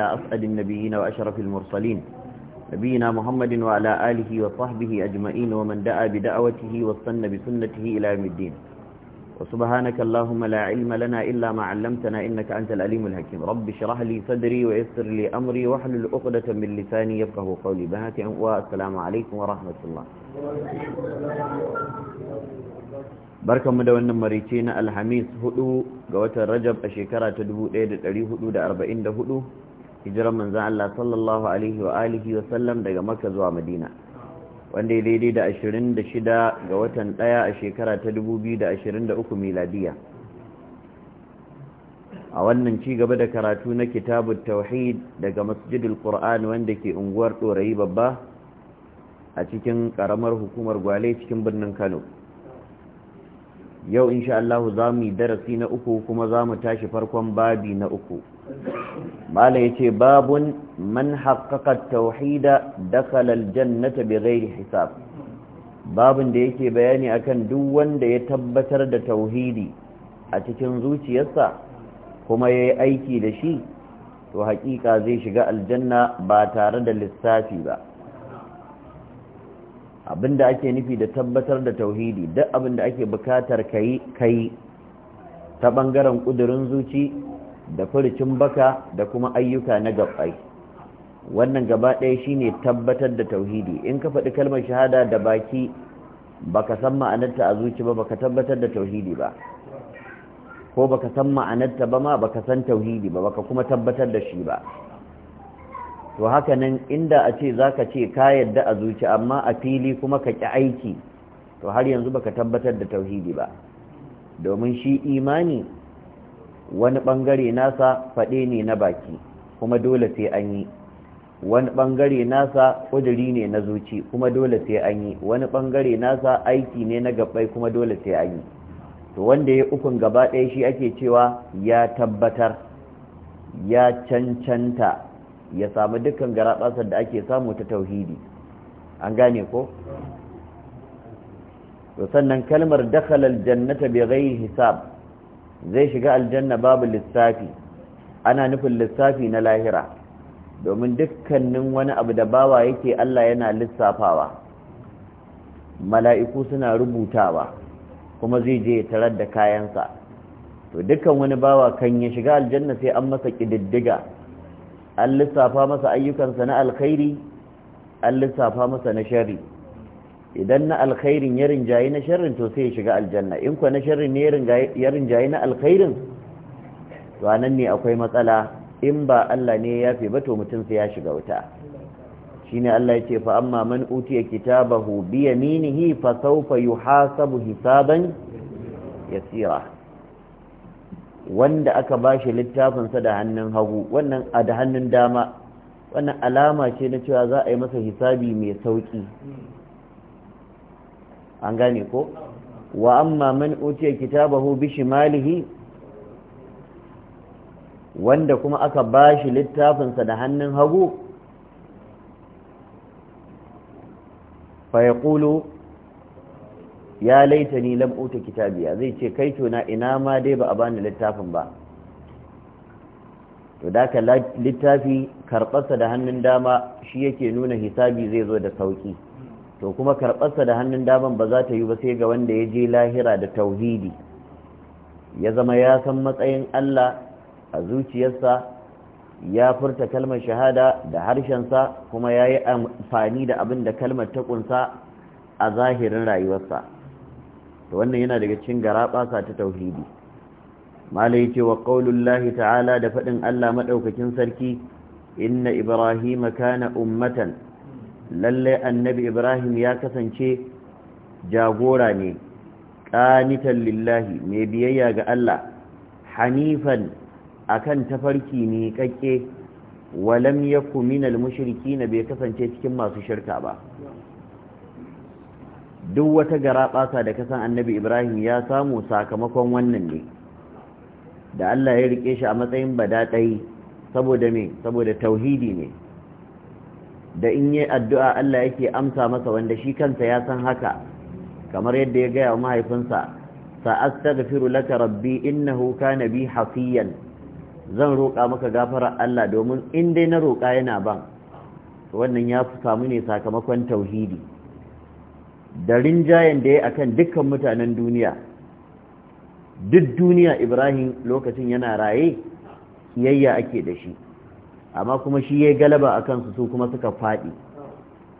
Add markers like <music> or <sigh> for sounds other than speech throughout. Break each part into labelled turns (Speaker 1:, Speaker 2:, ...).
Speaker 1: أسأل النبيين وأشرف المرسلين نبينا محمد وعلى آله وصحبه أجمعين ومن دعا بدعوته واصطن بسنته إلى يوم الدين وسبحانك اللهم لا علم لنا إلا ما علمتنا إنك أنت الأليم الحكيم رب اشرح لي صدري ويسر لي أمري واحلل عقدة من لساني يفقه قولي بهات والسلام عليكم ورحمة الله barkan mu da wannan marice na alhamis 4 ga watan rajab a shekara ta 1444 hijiran manzan Allah sallallahu alaihi wa sallam daga maka zuwa Madina wanda ya daidai da 26 ga watan 1 a shekara ta dubu 2023 miladiya a wannan ci gaba da karatu na kitabun tauhid daga masjidul qur'an wanda ke unguwar ɗorayi babba a cikin ƙaramar hukumar gwale cikin birnin Kano yau insha za mu yi darasi na uku kuma za mu tashi farkon babi na uku mala yace babun man haqqaqa tauhida dakhala aljannata gairi hisab babun da yake bayani akan duk wanda ya tabbatar da tauhidi a cikin zuciyarsa kuma yayi aiki da shi to haƙiƙa zai shiga aljanna ba tare da lissafi ba abinda ake nufi da tabbatar da tauhidi duk abinda ake bukatar kai kai ta ɓangaren ƙudurin zuci da furucin baka da kuma ayyuka na gabai. wannan gaba ɗaya shine tabbatar da tauhidi in ka faɗi kalmar shahada da baki baka san ma'anarta a zuci ba baka tabbatar da tauhidi ba ko baka san ma'anarta ba ma baka san tauhidi ba baka kuma tabbatar da shi ba to haka nan inda a ce za ka ce ka yadda a zuci amma a fili kuma ka ƙi aiki to har yanzu baka tabbatar da tauhidi ba domin shi imani wani bangare nasa faɗe ne na baki kuma dole sai an yi wani bangare nasa ƙuduri ne na zuci kuma dole sai an yi wani bangare nasa aiki ne na gabbai kuma dole sai an yi to wanda ya ukun gaba ɗaya shi ake cewa ya tabbatar ya cancanta ya samu dukkan garaɓasar da ake samu ta tauhidi an gane ko to sannan kalmar dakhalal jannata bi hisab zai shiga aljanna babu lissafi ana nufin lissafi na lahira domin dukkanin wani abu da bawa yake Allah yana lissafawa mala'iku suna rubutawa kuma zai je tarar da kayansa to dukkan wani bawa kan ya shiga aljanna sai an masa kididdiga an lissafa masa ayyukansa na alkhairi an lissafa masa na shari idan na alkhairin ya rinjaye na sharrin to sai ya shiga aljanna in kuwa na sharrin ne ya rinjaye na alkhairin to anan ne akwai matsala in ba Allah ne ya yafe ba to mutum sai ya shiga wuta shine Allah ya ce fa amma man utiya kitabahu bi yaminihi fa sawfa yuhasabu hisaban yasira wanda aka bashi littafin sa da hannun hagu wannan a da hannun dama wannan alama ce na cewa za a yi masa hisabi mai sauki an gane ko wa amma man utiya kitabahu bi shimalihi wanda kuma aka bashi littafinsa da hannun hagu fa kulu ya laitani lam uta kitabiya zai ce kai to ina ma dai ba a bani littafin ba to da ka littafi karɓarsa da hannun dama shi yake nuna hisabi zai zo da sauki to kuma karɓarsa da hannun daman ba za ta yi ba sai ga wanda ya je lahira da tauhidi ya zama ya san matsayin Allah a zuciyarsa ya furta kalmar shahada da harshensa kuma ya yi amfani da abin da kalmar ta kunsa a zahirin rayuwarsa to wannan yana daga cikin garaɓasa ta tauhidi malai ce wa qaulullahi ta'ala da faɗin Allah madaukakin sarki inna Ibrahim kana ummatan lallai annabi ibrahim ya kasance jagora ne ƙanitan lillahi mai biyayya ga allah hanifan akan tafarki ne kakke walam yaku minal mushrikina bai kasance cikin masu shirka ba duk wata ɓasa da kasan annabi ibrahim ya samu sakamakon wannan ne da allah ya riƙe shi a matsayin badaɗai saboda me saboda tauhidi ne da in yi addu'a Allah yake amsa masa wanda shi kansa ya san haka kamar yadda ya gaya wa mahaifinsa firu laka rabbi huka na bi hafiyan zan roƙa maka gafara Allah domin in dai na roƙa yana ban wannan ya fi samu ne sakamakon tauhidi da rinjayen da ya akan dukkan mutanen duniya duk duniya Ibrahim lokacin yana raye kiyayya ake da shi amma kuma shi ya galaba a kansu su kuma suka faɗi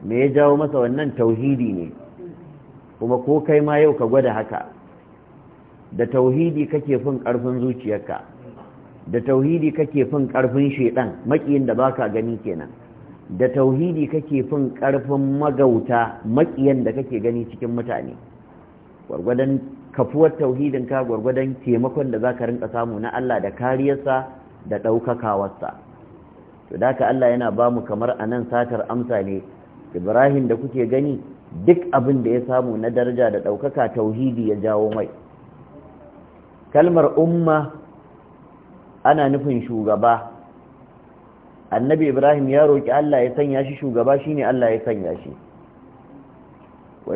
Speaker 1: me ya jawo masa wannan tauhidi ne kuma ko kai ma yau ka gwada haka da tauhidi kake fin ƙarfin zuciyarka da tauhidi kake fin ƙarfin shaidan maƙiyin da baka gani kenan da tauhidi kake fin ƙarfin magauta maƙiyan da kake gani cikin mutane gwargwadon kafuwar tauhidin ka gwargwadon taimakon da zaka rinka samu na Allah da kariyarsa da ɗaukakawarsa to da ka Allah yana ba mu kamar a nan satar amsa ne ibrahim da kuke gani duk abin da ya samu na daraja da ɗaukaka tauhidi ya jawo mai kalmar umma ana nufin shugaba annabi ibrahim ya roƙi Allah ya sanya shi shugaba shine Allah ya sanya shi wa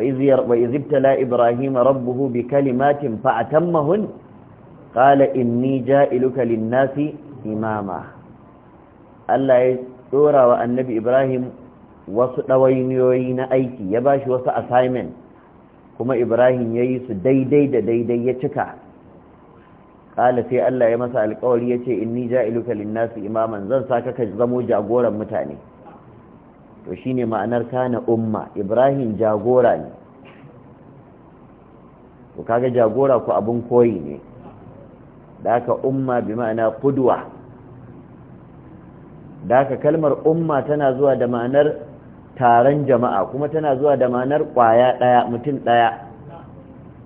Speaker 1: iz ibrahim rabbuhu bi kalimatin fa kala qala inni ja'iluka lin-nasi imama Allah ya dora wa annabi Ibrahim wasu ɗawainiyoyi na aiki ya ba shi wasu assignment kuma Ibrahim ya yi su daidai da daidai ya cika ƙala sai Allah ya masa alƙawari ya ce inni ja'iluka linnasi imaman zan saka ka zamo jagoran mutane to shine ma'anar kana umma Ibrahim jagora ne to kaga jagora ku abun koyi ne da umma bi ma'ana kuduwa. da kalmar umma tana zuwa da ma'anar taron jama'a kuma tana zuwa da ma'anar kwaya daya mutum daya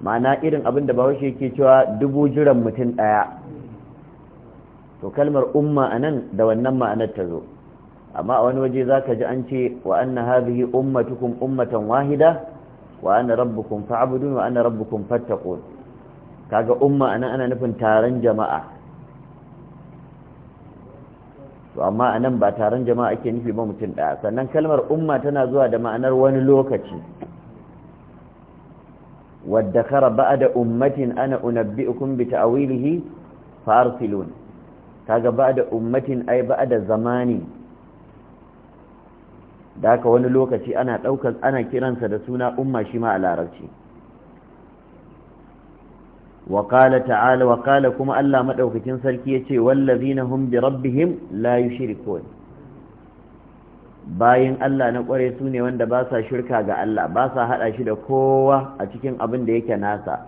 Speaker 1: ma'ana irin abin da bahaushe ke cewa dubu jiran mutum daya to kalmar umma anan da wannan ma'anar ta zo amma a wani waje za ka ji an ce wa an na hadhihi ummatukun ummatan wahida wa na rabbukun fa'abudun wa na rabbukun fattaqun kaga umma anan ana nufin taron jama'a amma a nan ba taron jama'a ake nufi ba mutum ɗaya sannan kalmar umma tana zuwa da ma'anar wani lokaci wadda kara da ummatin ana unabbi'ukum bi ta'wilihi fa arsilun kaga da ummatin ai da zamani da haka wani lokaci ana ɗaukar ana kiransa da suna umma shi ma a larabci وقال تعالى وقال كما sarki yace سلكية والذين هم بربهم لا يشركون Bayan Allah na kware su ne wanda ba sa shirka ga Allah ba sa hada shi da kowa a cikin abin da yake nasa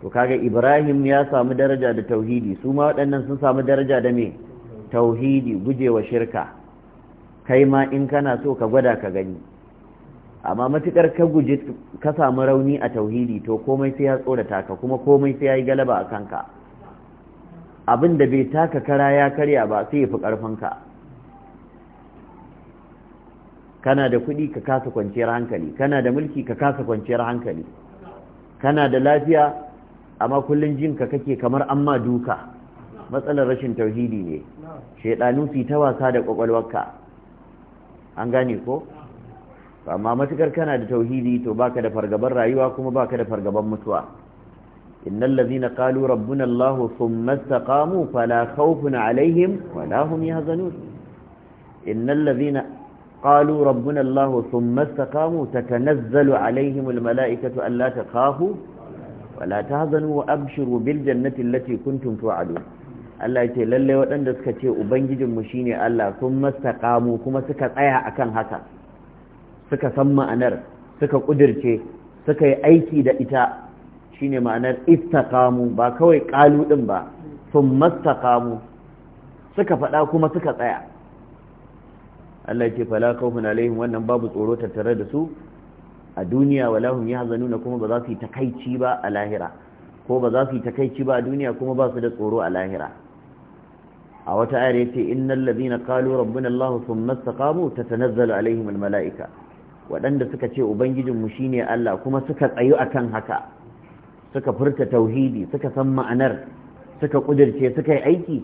Speaker 1: to kaga Ibrahim ya samu daraja da tauhidi su ma waɗannan sun samu daraja da me tauhidi gujewa shirka kai ma in kana so ka gwada ka gani amma matukar ka guji ka samu rauni a tauhidi to komai sai ya tsorata ka kuma komai sai ya yi galaba a kanka abin da bai taka kara ya karya ba sai ya fi ƙarfinka kana da kuɗi ka kasa kwanciyar hankali kana da mulki ka kasa kwanciyar hankali kana da lafiya amma kullum jin ka kake kamar an ma duka matsalar rashin tauhidi ne shaidanu su ta wasa da kwakwalwarka an gane ko to amma matukar kana da tauhidi to baka da fargaban rayuwa kuma baka da fargaban mutuwa innal ladhina qalu rabbuna allah thumma istaqamu fala khawfun alaihim wala hum yahzanun innal ladhina qalu rabbuna allah thumma istaqamu tatanazzalu alaihim al malaikatu alla takhafu wala tahzanu wa abshiru bil jannati allati kuntum tu'adun Allah ya ce lalle waɗanda suka ce ubangijinmu shine Allah sun mastaqamu kuma suka tsaya akan haka suka san ma'anar suka kudirce suka yi aiki da ita shine ma'anar istakamu ba kawai kalu din ba sun mastaqamu suka faɗa kuma suka tsaya Allah ce fala khawfun alaihim wannan babu tsoro tattare da su a duniya wala hum yahzanuna kuma ba za su yi takaici ba a lahira ko ba za su yi takaici ba a duniya kuma ba su da tsoro a lahira a wata ayar yace innal ladhina qalu rabbuna Allah thumma istaqamu tatanazzalu alaihim almalaiika waɗanda suka ce ubangijinmu shine Allah kuma suka tsayu akan haka suka furta tauhidi suka san ma'anar suka ƙudirce suka yi aiki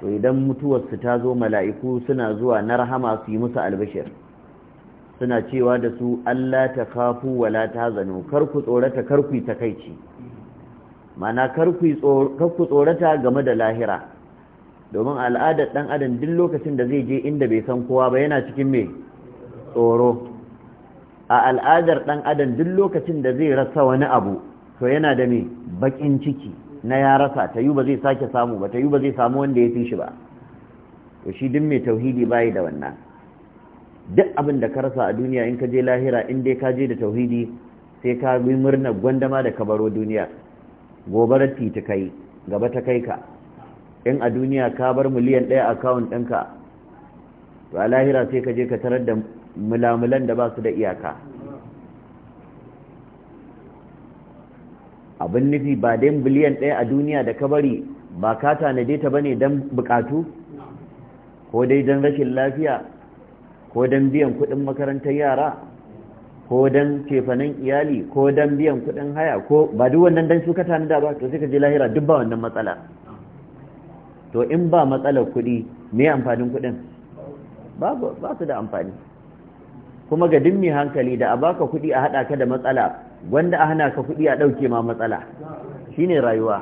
Speaker 1: to idan mutuwarsu ta zo mala'iku suna zuwa na rahama su yi musu albishir suna cewa da su Allah ta kafu wala ta zano karku tsorata karku takaici mana karku tsorata game da lahira domin al'adar ɗan adam duk lokacin da zai je inda bai san kowa ba yana cikin mai tsoro a al'adar ɗan adam duk lokacin da zai rasa wani abu to yana da mai baƙin ciki na ya rasa ta yi ba zai sake samu ba ta yi ba zai samu wanda ya fi shi ba to shi duk mai tauhidi bayi da wannan duk abin da ka rasa a duniya in ka je lahira in dai ka je da tauhidi sai ka bi murnar gwandama da kabaro duniya gobarar titi kai gaba ta kai ka in a duniya ka bar miliyan ɗaya akawun ɗinka to a lahira sai ka je ka tarar da mulamulan da ba su da iyaka abin nufi ba dan biliyan ɗaya a duniya da ka bari ba ka tanade ta bane don bukatu ko dai don rashin lafiya ko don biyan kuɗin makarantar yara ko don cefanen iyali ko don biyan kuɗin haya ko ba duk wannan don su ka tanada ba to sai ka je lahira duk ba wannan matsala to in ba matsalar kuɗi me amfanin kuɗin ba su da amfani kuma ga dimmi hankali da a baka kuɗi a haɗa ka da matsala wanda a hana ka kuɗi a ɗauke ma matsala Shi ne rayuwa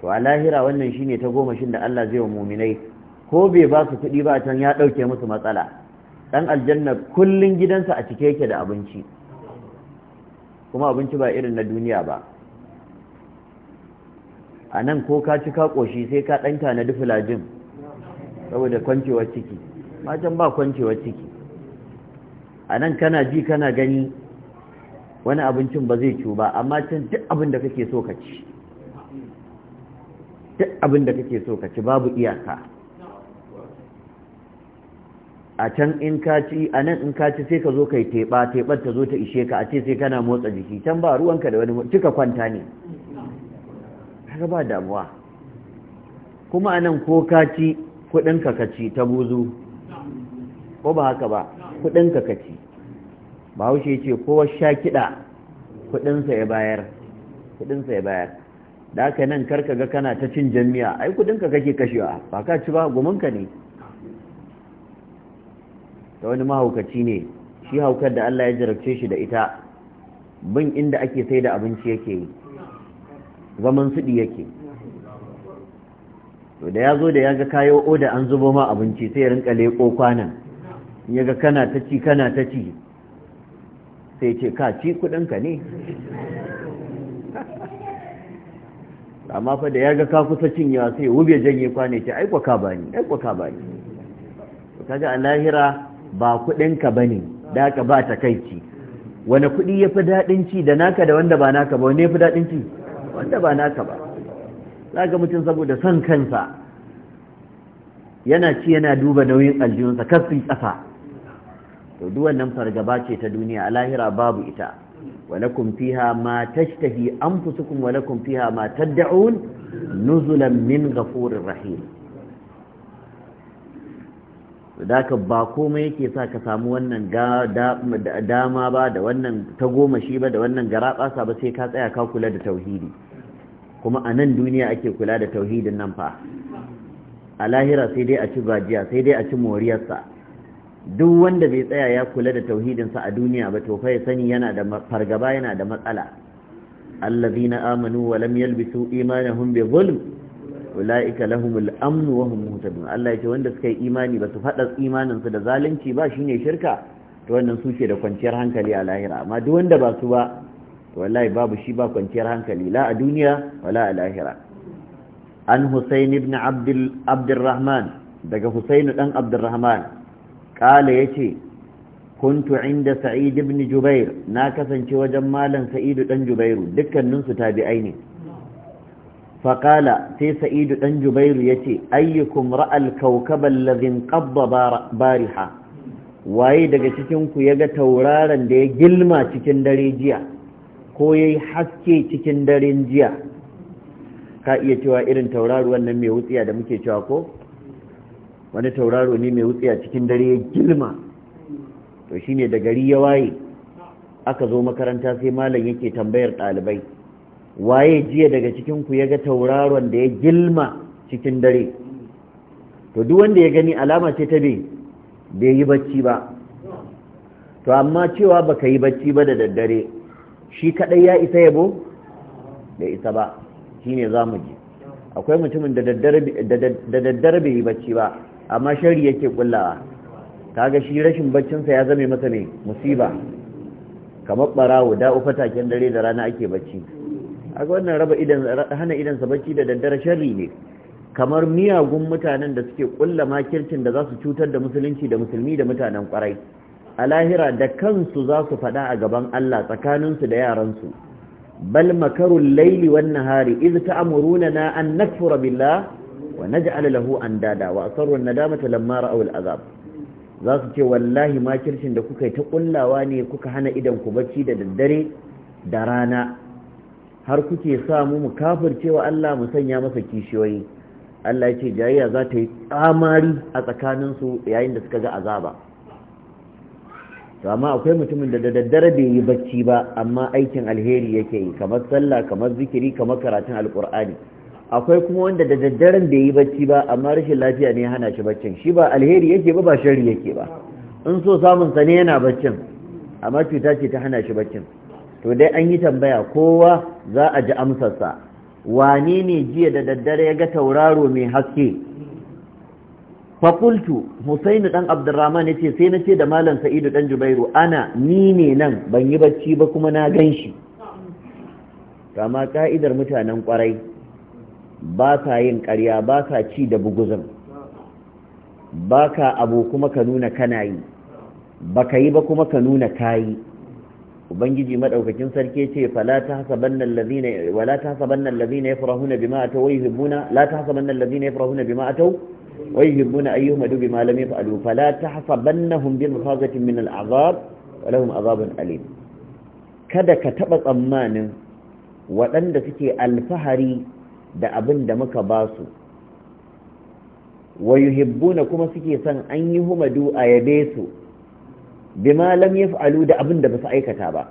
Speaker 1: to a lahira wannan shine ta goma shi da Allah zai wa muminai ko bai ba su kuɗi ba can ya ɗauke musu matsala ɗan aljanna kullum gidansa a cike yake da abinci kuma abinci ba irin na duniya ba a nan ko ka ci ka ƙoshi sai ka ɗan tanadi lajin. saboda kwancewar ciki macen ba kwancewa ciki a nan kana ji kana gani wani abincin ba zai ciwo ba amma can duk abin da kake so ka ci duk abin da kake so ka ci babu iyaka a can in ka ci a nan in ka ci sai ka zo kai teɓa teɓar ta zo ta ishe ka a ce sai kana motsa jiki can ba ruwanka da wani cika kwanta ne kaga ba damuwa kuma a nan ko ka ci kuɗinka ka ci ta buzu ko ba haka ba kudin ka kaci bahaushe ya ce kowa sha kiɗa kudinsa ya bayar kudinsa ya bayar da aka nan karka ga kana ta cin jami'a ai kudinka kake kashewa ba ka ci ba gominka ne ta wani mahaukaci ne shi haukar da Allah ya jarabce shi da ita bin inda ake sai da abinci yake yi zaman suɗi yake to da ya zo da ya ga kayo oda an zubo ma abinci sai ya rinka leƙo kwanan yaga kana ta ci kana ta ci sai ce ka ci kudinka ne
Speaker 2: <laughs>
Speaker 1: amma fa da ya ga ka kusa cinyewa sai wube janye kwane ce aikwa ka bani aikwa ka bani kaga a lahira ba kudinka bane da ka ba ta kai ci wani kudi ya fi daɗin ci da naka da wanda ba naka ba wani ya fi daɗin ci wanda ba naka ba za ga mutum saboda son kansa yana ci yana duba nauyin aljihunsa kar yi tsafa to duk wannan fargaba ce ta duniya a lahira babu ita walakum fiha ma tashtahi anfusukum walakum fiha ma tad'un nuzulan min ghafurir rahim daka ba komai yake sa ka samu wannan dama ba da wannan shi ba da wannan garabasa ba sai ka tsaya ka kula da tauhidi kuma a nan duniya ake kula da tauhidin nan fa a lahira sai dai a ci gajiya sai dai a ci moriyarsa duk wanda bai tsaya ya kula da tauhidinsa a duniya ba to fa sani yana da fargaba yana da matsala allazina amanu wa lam yalbisu imanahum bi zulm ulaika lahumul amn wa hum muhtadun Allah yake wanda suka yi imani ba su fada imanin su da zalunci ba shine shirka to wannan su ke da kwanciyar hankali a lahira amma duk wanda ba su ba to wallahi babu shi ba kwanciyar hankali la a duniya wala a lahira an Husayn ibn Abdul Abdurrahman daga Husayn dan Abdurrahman kala ya ce kuntu inda sa'id ibn jubair na kasance wajen malam sa'idu dan jubairu dukkaninsu tabi'ai ne faƙala sai sa'idu dan jubairu ya ce ayyukum ra'al kaukaban lazin ƙabba bariha waye daga cikinku ya ga tauraron da ya gilma cikin dare jiya ko ya yi haske cikin daren jiya ka iya cewa irin tauraruwan nan mai wutsiya da muke cewa ko wani tauraro ne mai wutsi a cikin dare ya gilma to shi ne da gari ya waye aka zo makaranta sai malam yake tambayar ɗalibai waye jiya daga cikin ku ya ga tauraron da ya gilma cikin dare to duk wanda ya gani alama ce ta bai bai yi bacci ba to amma cewa baka yi bacci ba da daddare shi kadai ya isa yabo da isa ba Shi ne za mu ji akwai mutumin da daddare bai yi bacci ba amma shari yake kullawa kaga shi rashin baccinsa ya zame masa ne musiba kamar barawo da ufa taken dare da rana ake bacci aga wannan raba idan hana idansa bacci da daddare shari ne kamar miyagun mutanen da suke kulla makircin da za su cutar da musulunci da musulmi da mutanen kwarai a lahira da kansu za su faɗa a gaban Allah tsakaninsu da yaransu bal makarul laili wan nahari iz ta'muruna na an nakfura billah wa naj'al lahu andada wa asarru nadamata lamma ra'aw al'azab za su ce wallahi ma makircin da kuka yi ta kullawa ne kuka hana idan ku bacci da daddare da rana har kuke sa mu mu kafircewa Allah mu sanya masa kishiyoyi Allah ya ce jayayya za ta yi tsamari a tsakaninsu yayin da suka ga azaba to amma akwai mutumin da daddare bai yi bacci ba amma aikin alheri yake yi kamar sallah kamar zikiri kamar karatun alkur'ani akwai kuma wanda da daddaren da yi bacci ba amma rashin lafiya ne hana shi baccin shi ba alheri yake ba ba shari yake ba in so samun sa ne yana baccin amma cuta ce ta hana shi baccin to dai an yi tambaya kowa za a ji amsarsa wane ne jiya da daddare ya ga tauraro mai haske fakultu husainu dan abdurrahman ya ce sai na ce da malam sa'idu dan jubairu ana ni ne nan ban yi bacci ba kuma na gan shi kama ka'idar mutanen kwarai ba sa yin ƙarya ba sa ci da buguzin ba ka abu kuma ka nuna kana yi ba ka yi ba kuma ka nuna ka yi ubangiji maɗaukakin sarki ce fala ta hasabanna allazina wala ta hasabanna allazina yafrahuna bima ataw wa yuhibbuna la ta hasabanna allazina yafrahuna bima ataw wa yuhibbuna ayyuhum adu bima lam yaf'alu fala ta hasabannahum bi mafazati min al'azab wa lahum azabun alim kada ka taɓa tsammanin waɗanda suke alfahari da abin da muka ba su wa yuhibbuna kuma suke son an yi humadu a yabe su bima lam yaf'alu da abin da basu aikata ba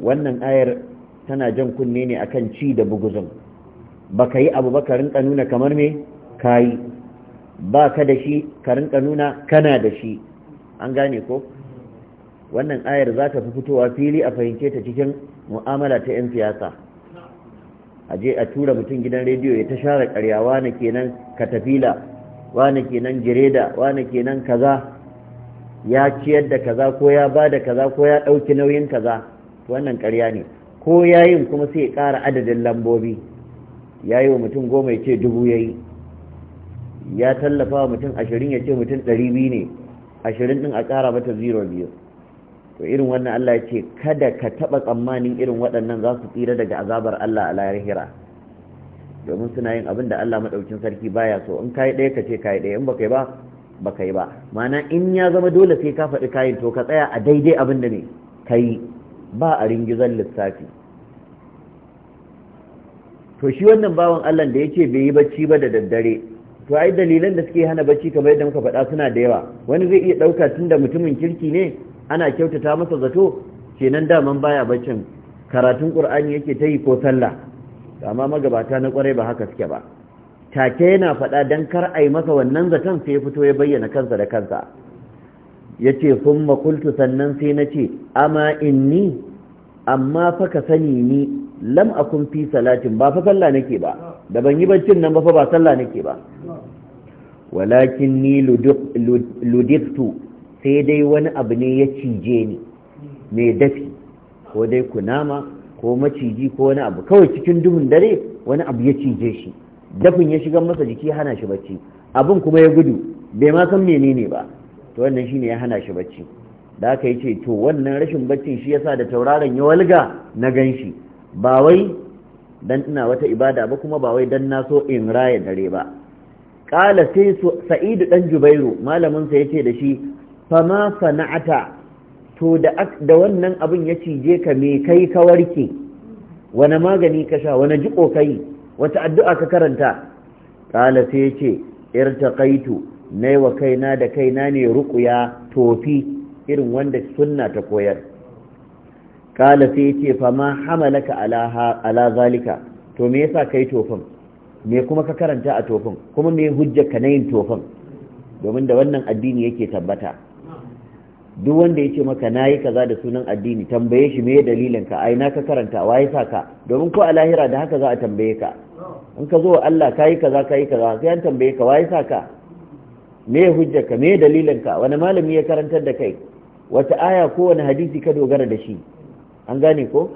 Speaker 1: wannan ayar tana jan kunne ne akan ci da buguzun baka yi abu ba ka rinka nuna kamar me kayi ba ka da shi ka rinka nuna kana da shi an gane ko wannan ayar za ta fi fitowa fili a fahimce ta cikin mu'amala ta 'yan siyasa a je a tura mutum gidan rediyo ya ta share karya wane kenan katafila wane kenan jireda wane kenan kaza ya ciyar da kaza ko ya ba da kaza ko ya ɗauki nauyin kaza wannan karya ne ko yayin kuma sai ya ƙara adadin lambobi ya yi wa mutum goma ya ce dubu ya yi ya tallafa wa mutum ashirin ya ce mutum ɗari biyu ne ashirin ɗin a ƙara mata ziro biyu to irin wannan Allah ya ce kada ka taɓa tsammanin irin waɗannan za su tsira daga azabar Allah a hira domin suna yin abin da Allah maɗaukin sarki baya so in kayi ɗaya ka ce kayi ɗaya in baka yi ba baka yi ba mana in ya zama dole sai ka faɗi kayin to ka tsaya a daidai abin da ne ka yi ba a ringizan lissafi to shi wannan bawan Allah da ya ce bai yi bacci ba da daddare to ai dalilan da suke hana bacci kamar yadda muka faɗa suna da yawa wani zai iya ɗauka tun da mutumin kirki ne ana kyautata masa zato kenan daman baya baccin karatun qur'ani yake ta yi ko sallah amma magabata na kwarai ba haka suke ba take yana faɗa dan kar a yi masa wannan zaton sai ya fito ya bayyana kansa da kansa yace sun makultu sannan sai nace in ni? amma fa ka sani ni lam akun fi salatin ba fa sallah nake ba da ban yi baccin nan ba fa ba sallah nake ba walakin ni ludittu sai dai wani abu ne ya cije ni mai dafi ko dai kunama ko maciji ko wani abu kawai cikin duhun dare wani abu ya cije shi dafin ya shiga masa jiki hana shi bacci abin kuma ya gudu bai ma san menene ba to wannan shine ya hana shi bacci da aka yi ce to wannan rashin baccin shi yasa da tauraron ya walga na ganshi ba wai dan ina wata ibada ba kuma ba wai dan na so in raya dare ba kala sai sa'idu dan jubairu malamin sa yace da shi fama sana'ata to da wannan abin ya cije ka me kai ka warke wani magani ka sha wani jiko kai wata addu'a ka karanta kala sai ce irtaqaitu nai wa kaina da kaina ne ruqya tofi irin wanda sunna ta koyar kala sai ce fama hamalaka ala ala zalika to me yasa kai tofin me kuma ka karanta a tofin kuma me hujja ka na yin tofin domin da wannan addini yake tabbata duk wanda ya ce maka na yi kaza da sunan addini tambaye shi me dalilin ka ai na ka karanta wa sa ka domin ko a lahira da haka za a tambaye ka in ka zo Allah ka yi kaza ka yi kaza sai an tambaye ka wa ya sa ka me hujjar ka me dalilin ka wani malami ya karantar da kai wata aya ko wani hadisi ka dogara da shi an gane ko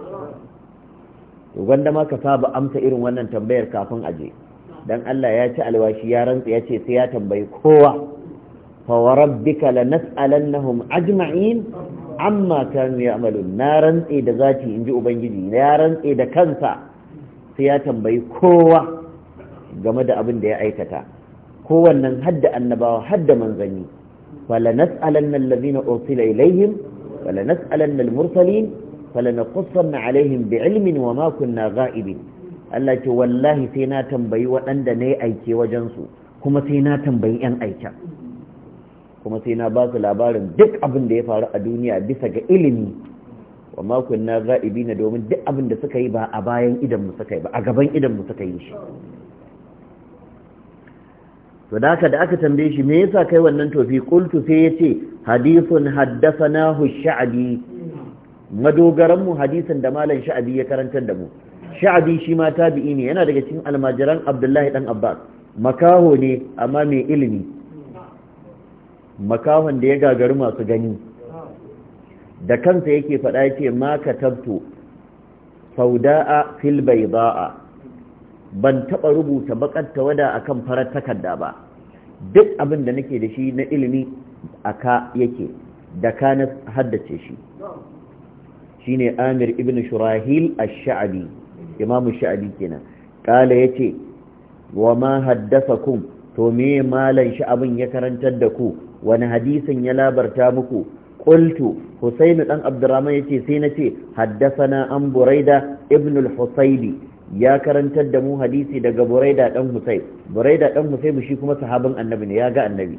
Speaker 1: gwanda ma ka saba amsa irin wannan tambayar kafin aje dan Allah ya ci alwashi ya rantsa ya ce sai ya tambayi kowa fa warabbika lanas'alannahum ajma'in amma kanu ya'malun na rantse da zati inji ubangiji ya rantse da kansa sai ya tambayi kowa game da abin da ya aikata kowannan hadda annabawa hadda manzanni wala nas'alanna allazina ursila ilaihim wala nas'alanna al-mursalin wala naqussanna alaihim bi'ilmin wa ma kunna gha'ibin Allah ce wallahi sai na tambayi waɗanda ne aike wajen su kuma sai na tambayi 'yan aiken kuma sai na ba su labarin duk abin da ya faru a duniya bisa ga ilimi wa makon na za'ibi na domin duk abin da suka yi ba a bayan idanmu suka yi ba a gaban idanmu suka yi shi to da aka da aka tambaye shi me yasa kai wannan tofi kultu sai yace hadithun haddathanahu sha'bi madogaran mu hadisin da malam sha'abi ya karantar da mu sha'abi shi ma tabi'i ne yana daga cikin almajiran abdullahi ɗan abbas makaho ne amma mai ilimi makahon da ya gagari masu gani da kansa yake faɗa yake ma katabtu sauda'a fil bayda'a ban taɓa rubuta bakar tawada akan farar takarda ba duk abin da nake da shi na ilimi a yake da ka na haddace shi shine amir ibn shurahil ash-sha'bi imamu sha'bi kenan kala yace wa ma haddasa haddathakum to me malan shi abin ya karantar da ku wani hadisin ya labarta muku qultu husayn dan abdurrahman yace sai nace haddathana an buraida ibn al-husaybi ya karantar da mu hadisi daga buraida dan husayb buraida dan husayb shi kuma sahabin annabi ne ya ga annabi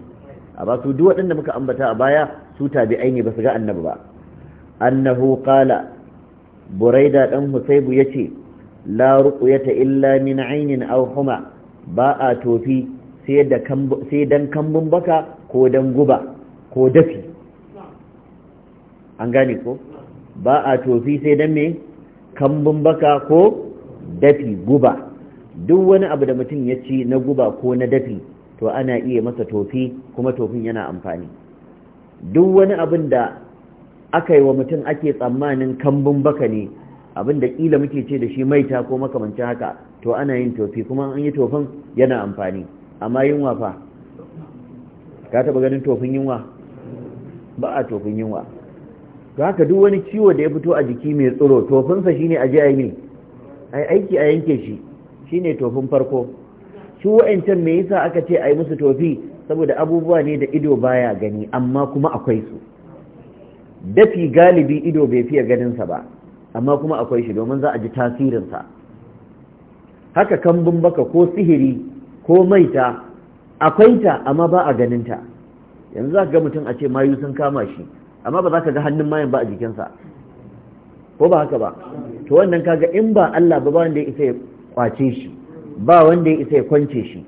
Speaker 1: ba su duk waɗanda muka ambata a baya su tabi'ai ne ba su ga annabi ba annahu qala buraida dan husayb yace la ruqyata illa min aynin aw huma ba a tofi sai dan kambun baka ko dan guba ko dafi an gane ko ba a tofi sai dan me kambun baka ko dafi guba duk wani abu da mutum ya ci na guba ko na dafi to ana iya masa tofi kuma tofin yana amfani duk wani abin da aka yi wa mutum ake tsammanin kambun baka ne abin da ƙila muke ce da shi maita ko makamancin haka to ana yin tofi kuma an yi tofin yana amfani amma yunwa fa ka taba ganin tofin yunwa ba a tofin yunwa haka duk wani ciwo da ya fito a jiki mai tsoro tofinsa shine aje a yi ai aiki a yanke shi shine tofin farko shi wa'ancan me yasa aka ce ai musu tofi saboda abubuwa ne da ido baya gani amma kuma akwai su dafi galibi ido bai fiye ganinsa ba amma kuma akwai shi domin za a ji tasirinsa haka kambun baka ko sihiri ko mai ta, akwai ta amma ba a ganin ta yanzu za ka ga mutum a ce mayu sun kama shi amma ba za ka ga hannun mayan ba a jikinsa ko ba haka ba to wannan kaga in ba Allah ba wanda ya isa ya kwace shi ba wanda ya isa ya kwance shi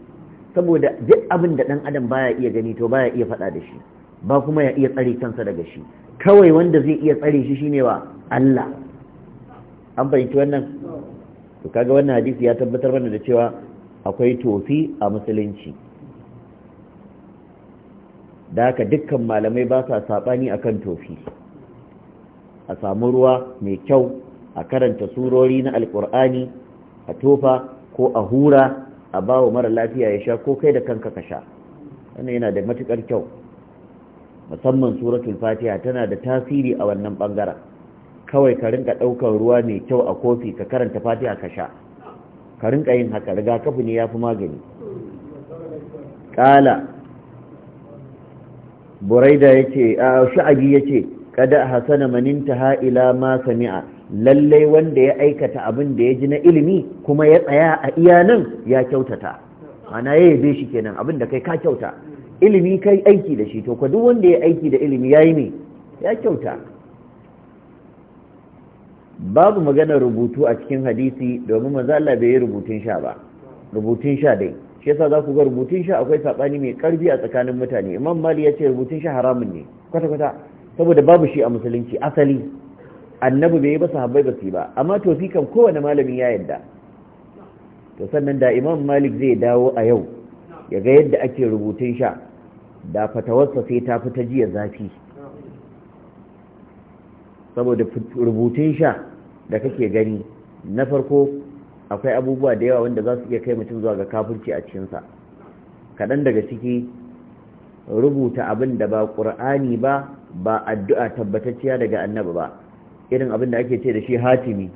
Speaker 1: saboda duk abin da dan adam baya iya gani to baya iya faɗa da shi ba kuma ya iya tsare kansa daga shi kawai wanda zai iya tsare shi shine wa Allah an fahimci wannan to kaga wannan hadisi ya tabbatar mana da cewa akwai tofi a musulunci da haka dukkan malamai ba sa saɓani kan tofi a samu ruwa mai kyau a karanta surori na Alƙur'ani, a tofa ko a hura a ba wa mara lafiya ya sha ko kai da kanka ka sha wannan yana da matuƙar kyau musamman suratul fatiha tana da tasiri a wannan ɓangaren. kawai ka rinka ɗaukar ruwa mai kyau a kofi ka karanta fatiha ka sha ka rinka yin haka rigakafi ne ya fi magani ƙala buraida ya ce a sha'abi ya ce kada hasana maninta ha'ila ma sami'a lallai wanda ya aikata abin da ya ji na ilimi kuma ya tsaya a iyanan ya kyautata ana ya yabe shi kenan abin da kai ka kyauta ilimi kai aiki da shi to ka duk wanda ya aiki da ilimi ya yi ne ya kyauta babu maganar rubutu a cikin hadisi domin mazala Allah bai yi rubutun sha ba rubutun sha dai shi yasa za ku ga rubutun sha akwai sabani mai karfi a tsakanin mutane imam mali ya ce rubutun sha haramun ne kwata kwata saboda babu shi a musulunci asali annabi bai yi ba sahabbai ba ba amma to fi kan kowane malami ya yadda to sannan da imam malik zai dawo a yau ya ga yadda ake rubutun sha da fatawarsa sai ta fita jiya zafi saboda rubutun sha da kake gani na farko akwai abubuwa da yawa wanda za su iya kai mutum zuwa ga kafirci a cikinsa kaɗan daga ciki rubuta abin da ba ƙur'ani ba ba addu'a tabbatacciya daga annabi ba irin abin da ake ce da shi hatimi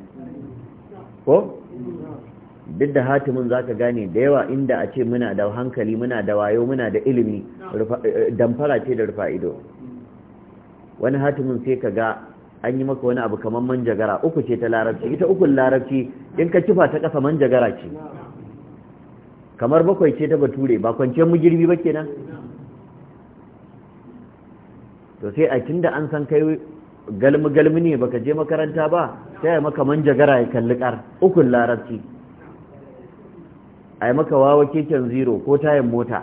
Speaker 1: ko duk da hatimin za ka gane da yawa inda a ce muna da hankali muna da wayo muna da ilimi eh, damfara ce da rufa ido wani hatimin sai ka ga an yi maka wani abu kamar manjagara uku ce ta larabci ita ukun larabci in ka kifa ta ƙasa manjagara ce kamar bakwai ce ta bature ba kwanciyar mu girbi ba kenan to sai a tunda an san kai galmi galmi ne baka je makaranta ba sai a maka manjagara ya kalli kar ukun larabci a yi maka wawa keken zero ko tayin mota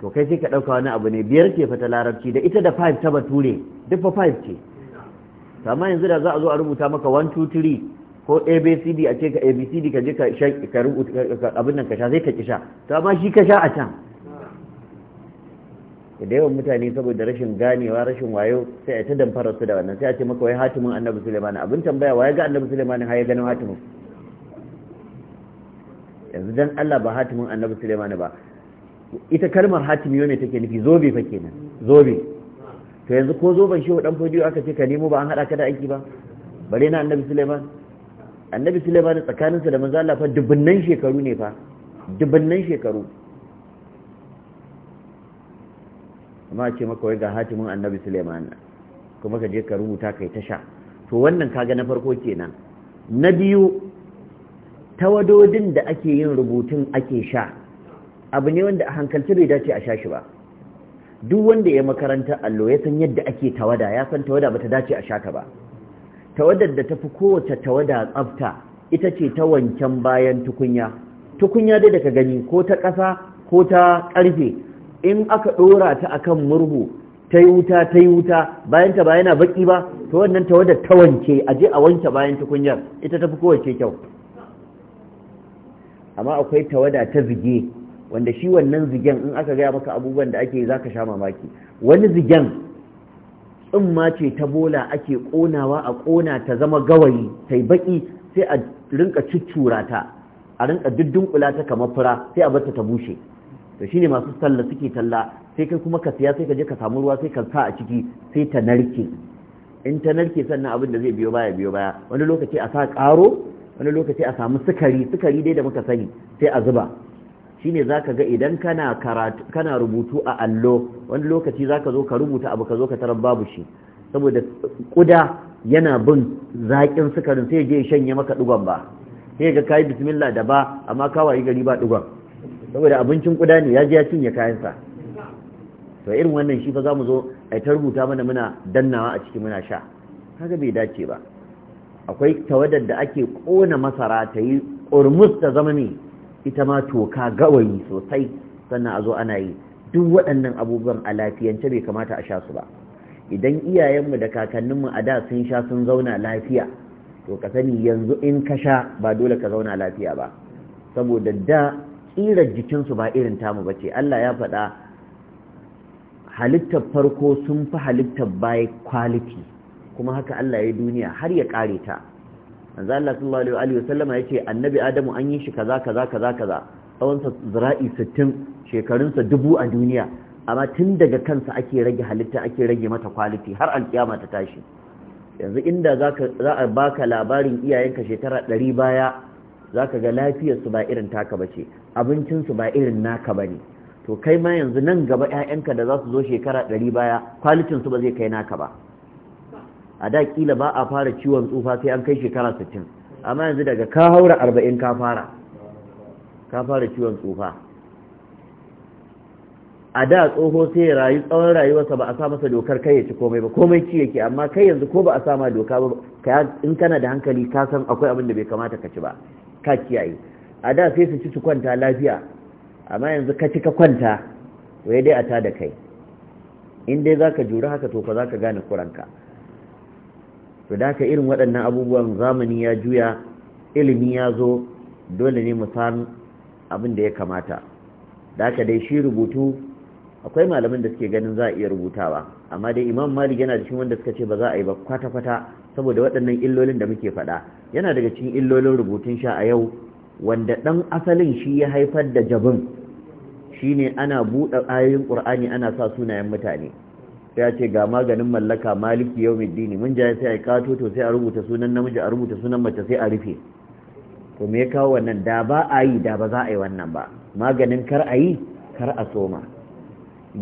Speaker 1: to kai sai ka ɗauka wani abu ne biyar ce fata larabci da ita da five ta bature duk 5 ce amma yanzu da za a zo a rubuta maka 1 2 3 ko abcd a ce ka abcd ka je ka ka rubuta abin nan ka sha sai ka kisha to amma shi ka sha a can da yawan mutane saboda rashin ganewa rashin wayo sai a ta damfara su da wannan sai a ce maka wai hatimin annabi suleiman abin tambaya waye ga annabi suleiman har ya ganin hatimin yanzu dan Allah ba hatimin annabi suleiman ba ita kalmar hatimi ne take nufi zobe fa kenan zobe to yanzu ko zo ban shehu dan fodiyo aka ce ka nemo ba an hada ka da aiki ba bare na annabi Sulaiman annabi Sulaiman tsakaninsa da manzo Allah fa dubunnan shekaru ne fa dubunnan shekaru amma ce maka wai ga hatimin annabi Sulaiman kuma ka je ka rubuta kai tasha to wannan kaga na farko kenan na biyu tawadodin da ake yin rubutun ake sha abu ne wanda a hankalci bai dace a sha shi ba duk wanda ya makaranta allo ya san yadda ake tawada ya san tawada ba ta dace a shaka ba tawadar da tafi kowace tawada tsafta ita ce ta wancan bayan tukunya tukunya dai daga gani ko ta ƙasa ko ta ƙarfe in aka ɗora ta akan murhu ta yi wuta ta yi wuta bayan ta ba yana baki ba to wannan tawadar ta wanke a je a wanke bayan tukunyar ita tafi kowace kyau amma akwai tawada ta zige wanda shi wannan zigen in aka gaya maka abubuwan da ake za ka sha mamaki wani zigen tsumma ce ta bola ake konawa a kona ta zama gawayi ta yi baƙi sai a rinka cuccura ta a rinka kula ta kamar fura sai a bata ta bushe to ne masu talla suke talla sai kai kuma ka siya sai ka je ka samu ruwa sai ka sa a ciki sai ta narke in ta narke sannan abin da zai biyo baya biyo baya wani lokaci a sa ƙaro wani lokaci a samu sukari sukari dai da muka sani sai a zuba Shi shine zaka ga idan kana karatu rubutu a allo wani lokaci zaka zo ka rubuta abu ka zo ka tarar babu shi saboda kuda yana bin zaƙin sukarin sai je shanye maka dugon ba sai ga kai bismillah da ba amma kawai gari ba dugon saboda abincin kuda ne ya je ya cinye kayansa to irin wannan shi fa zamu zo ai ta rubuta mana muna dannawa a cikin muna sha Haka bai dace ba akwai tawadar da ake kona masara ta yi ƙurmus ta zama ne ita ma toka gawayi sosai sannan a zo ana yi duk waɗannan abubuwan a lafiyance bai kamata a sha su ba idan iyayenmu da kakanninmu a da sun sha sun zauna lafiya to ka sani yanzu in ka sha ba dole ka zauna lafiya ba saboda da tsirar jikinsu ba irin tamu ba ce Allah ya faɗa halittar farko sun fi halittar baya kwaliti kuma haka Allah ya duniya har ya ƙare ta manzo Allah sallallahu alaihi sallama yace annabi adamu an yi shi kaza kaza kaza kaza tsawon sa zira'i 60 shekarun sa dubu a duniya amma tun daga kansa ake rage halitta ake rage mata quality har alkiyama ta tashi yanzu inda zaka za a baka labarin iyayenka shekara 100 baya zaka ga lafiyar su ba irin taka bace abincin su ba irin naka bane to kai ma yanzu nan gaba ƴaƴanka da za su zo shekara 100 baya quality su ba zai kai naka ba a da kila ba a fara ciwon tsufa sai an kai shekara 60 amma yanzu daga ka haura 40 ka fara ka fara ciwon tsufa a da tsoho sai ya rayu tsawon rayuwarsa ba a sa masa dokar kai ya ci komai ba komai ci yake amma kai yanzu ko ba a sama doka ba in kana da hankali ka san akwai abin da bai kamata ka ci ba ka kiyaye a da sai su ci su kwanta lafiya amma yanzu ka ci ka kwanta wai dai a ta da kai in dai za ka juri haka to ka za ka gane kuranka to da haka irin waɗannan abubuwan zamani ya juya ilimi ya zo dole ne mu san abin da ya kamata da ka dai shi rubutu akwai malamin da suke ganin za a iya rubutawa amma dai imam malik yana da cikin wanda suka ce ba za a yi ba kwata-kwata saboda waɗannan illolin da muke faɗa yana daga cikin illolin rubutun sha a yau wanda ɗan asalin shi ya haifar da jabin shine ana buɗe ayoyin ƙur'ani ana sa sunayen mutane sai ya ce ga maganin mallaka maliki yau dini mun jaya sai a yi kato to sai a rubuta sunan namiji a rubuta sunan mace sai a rufe to me kawo wannan da ba a yi da ba za a yi wannan ba maganin kar a yi kar a soma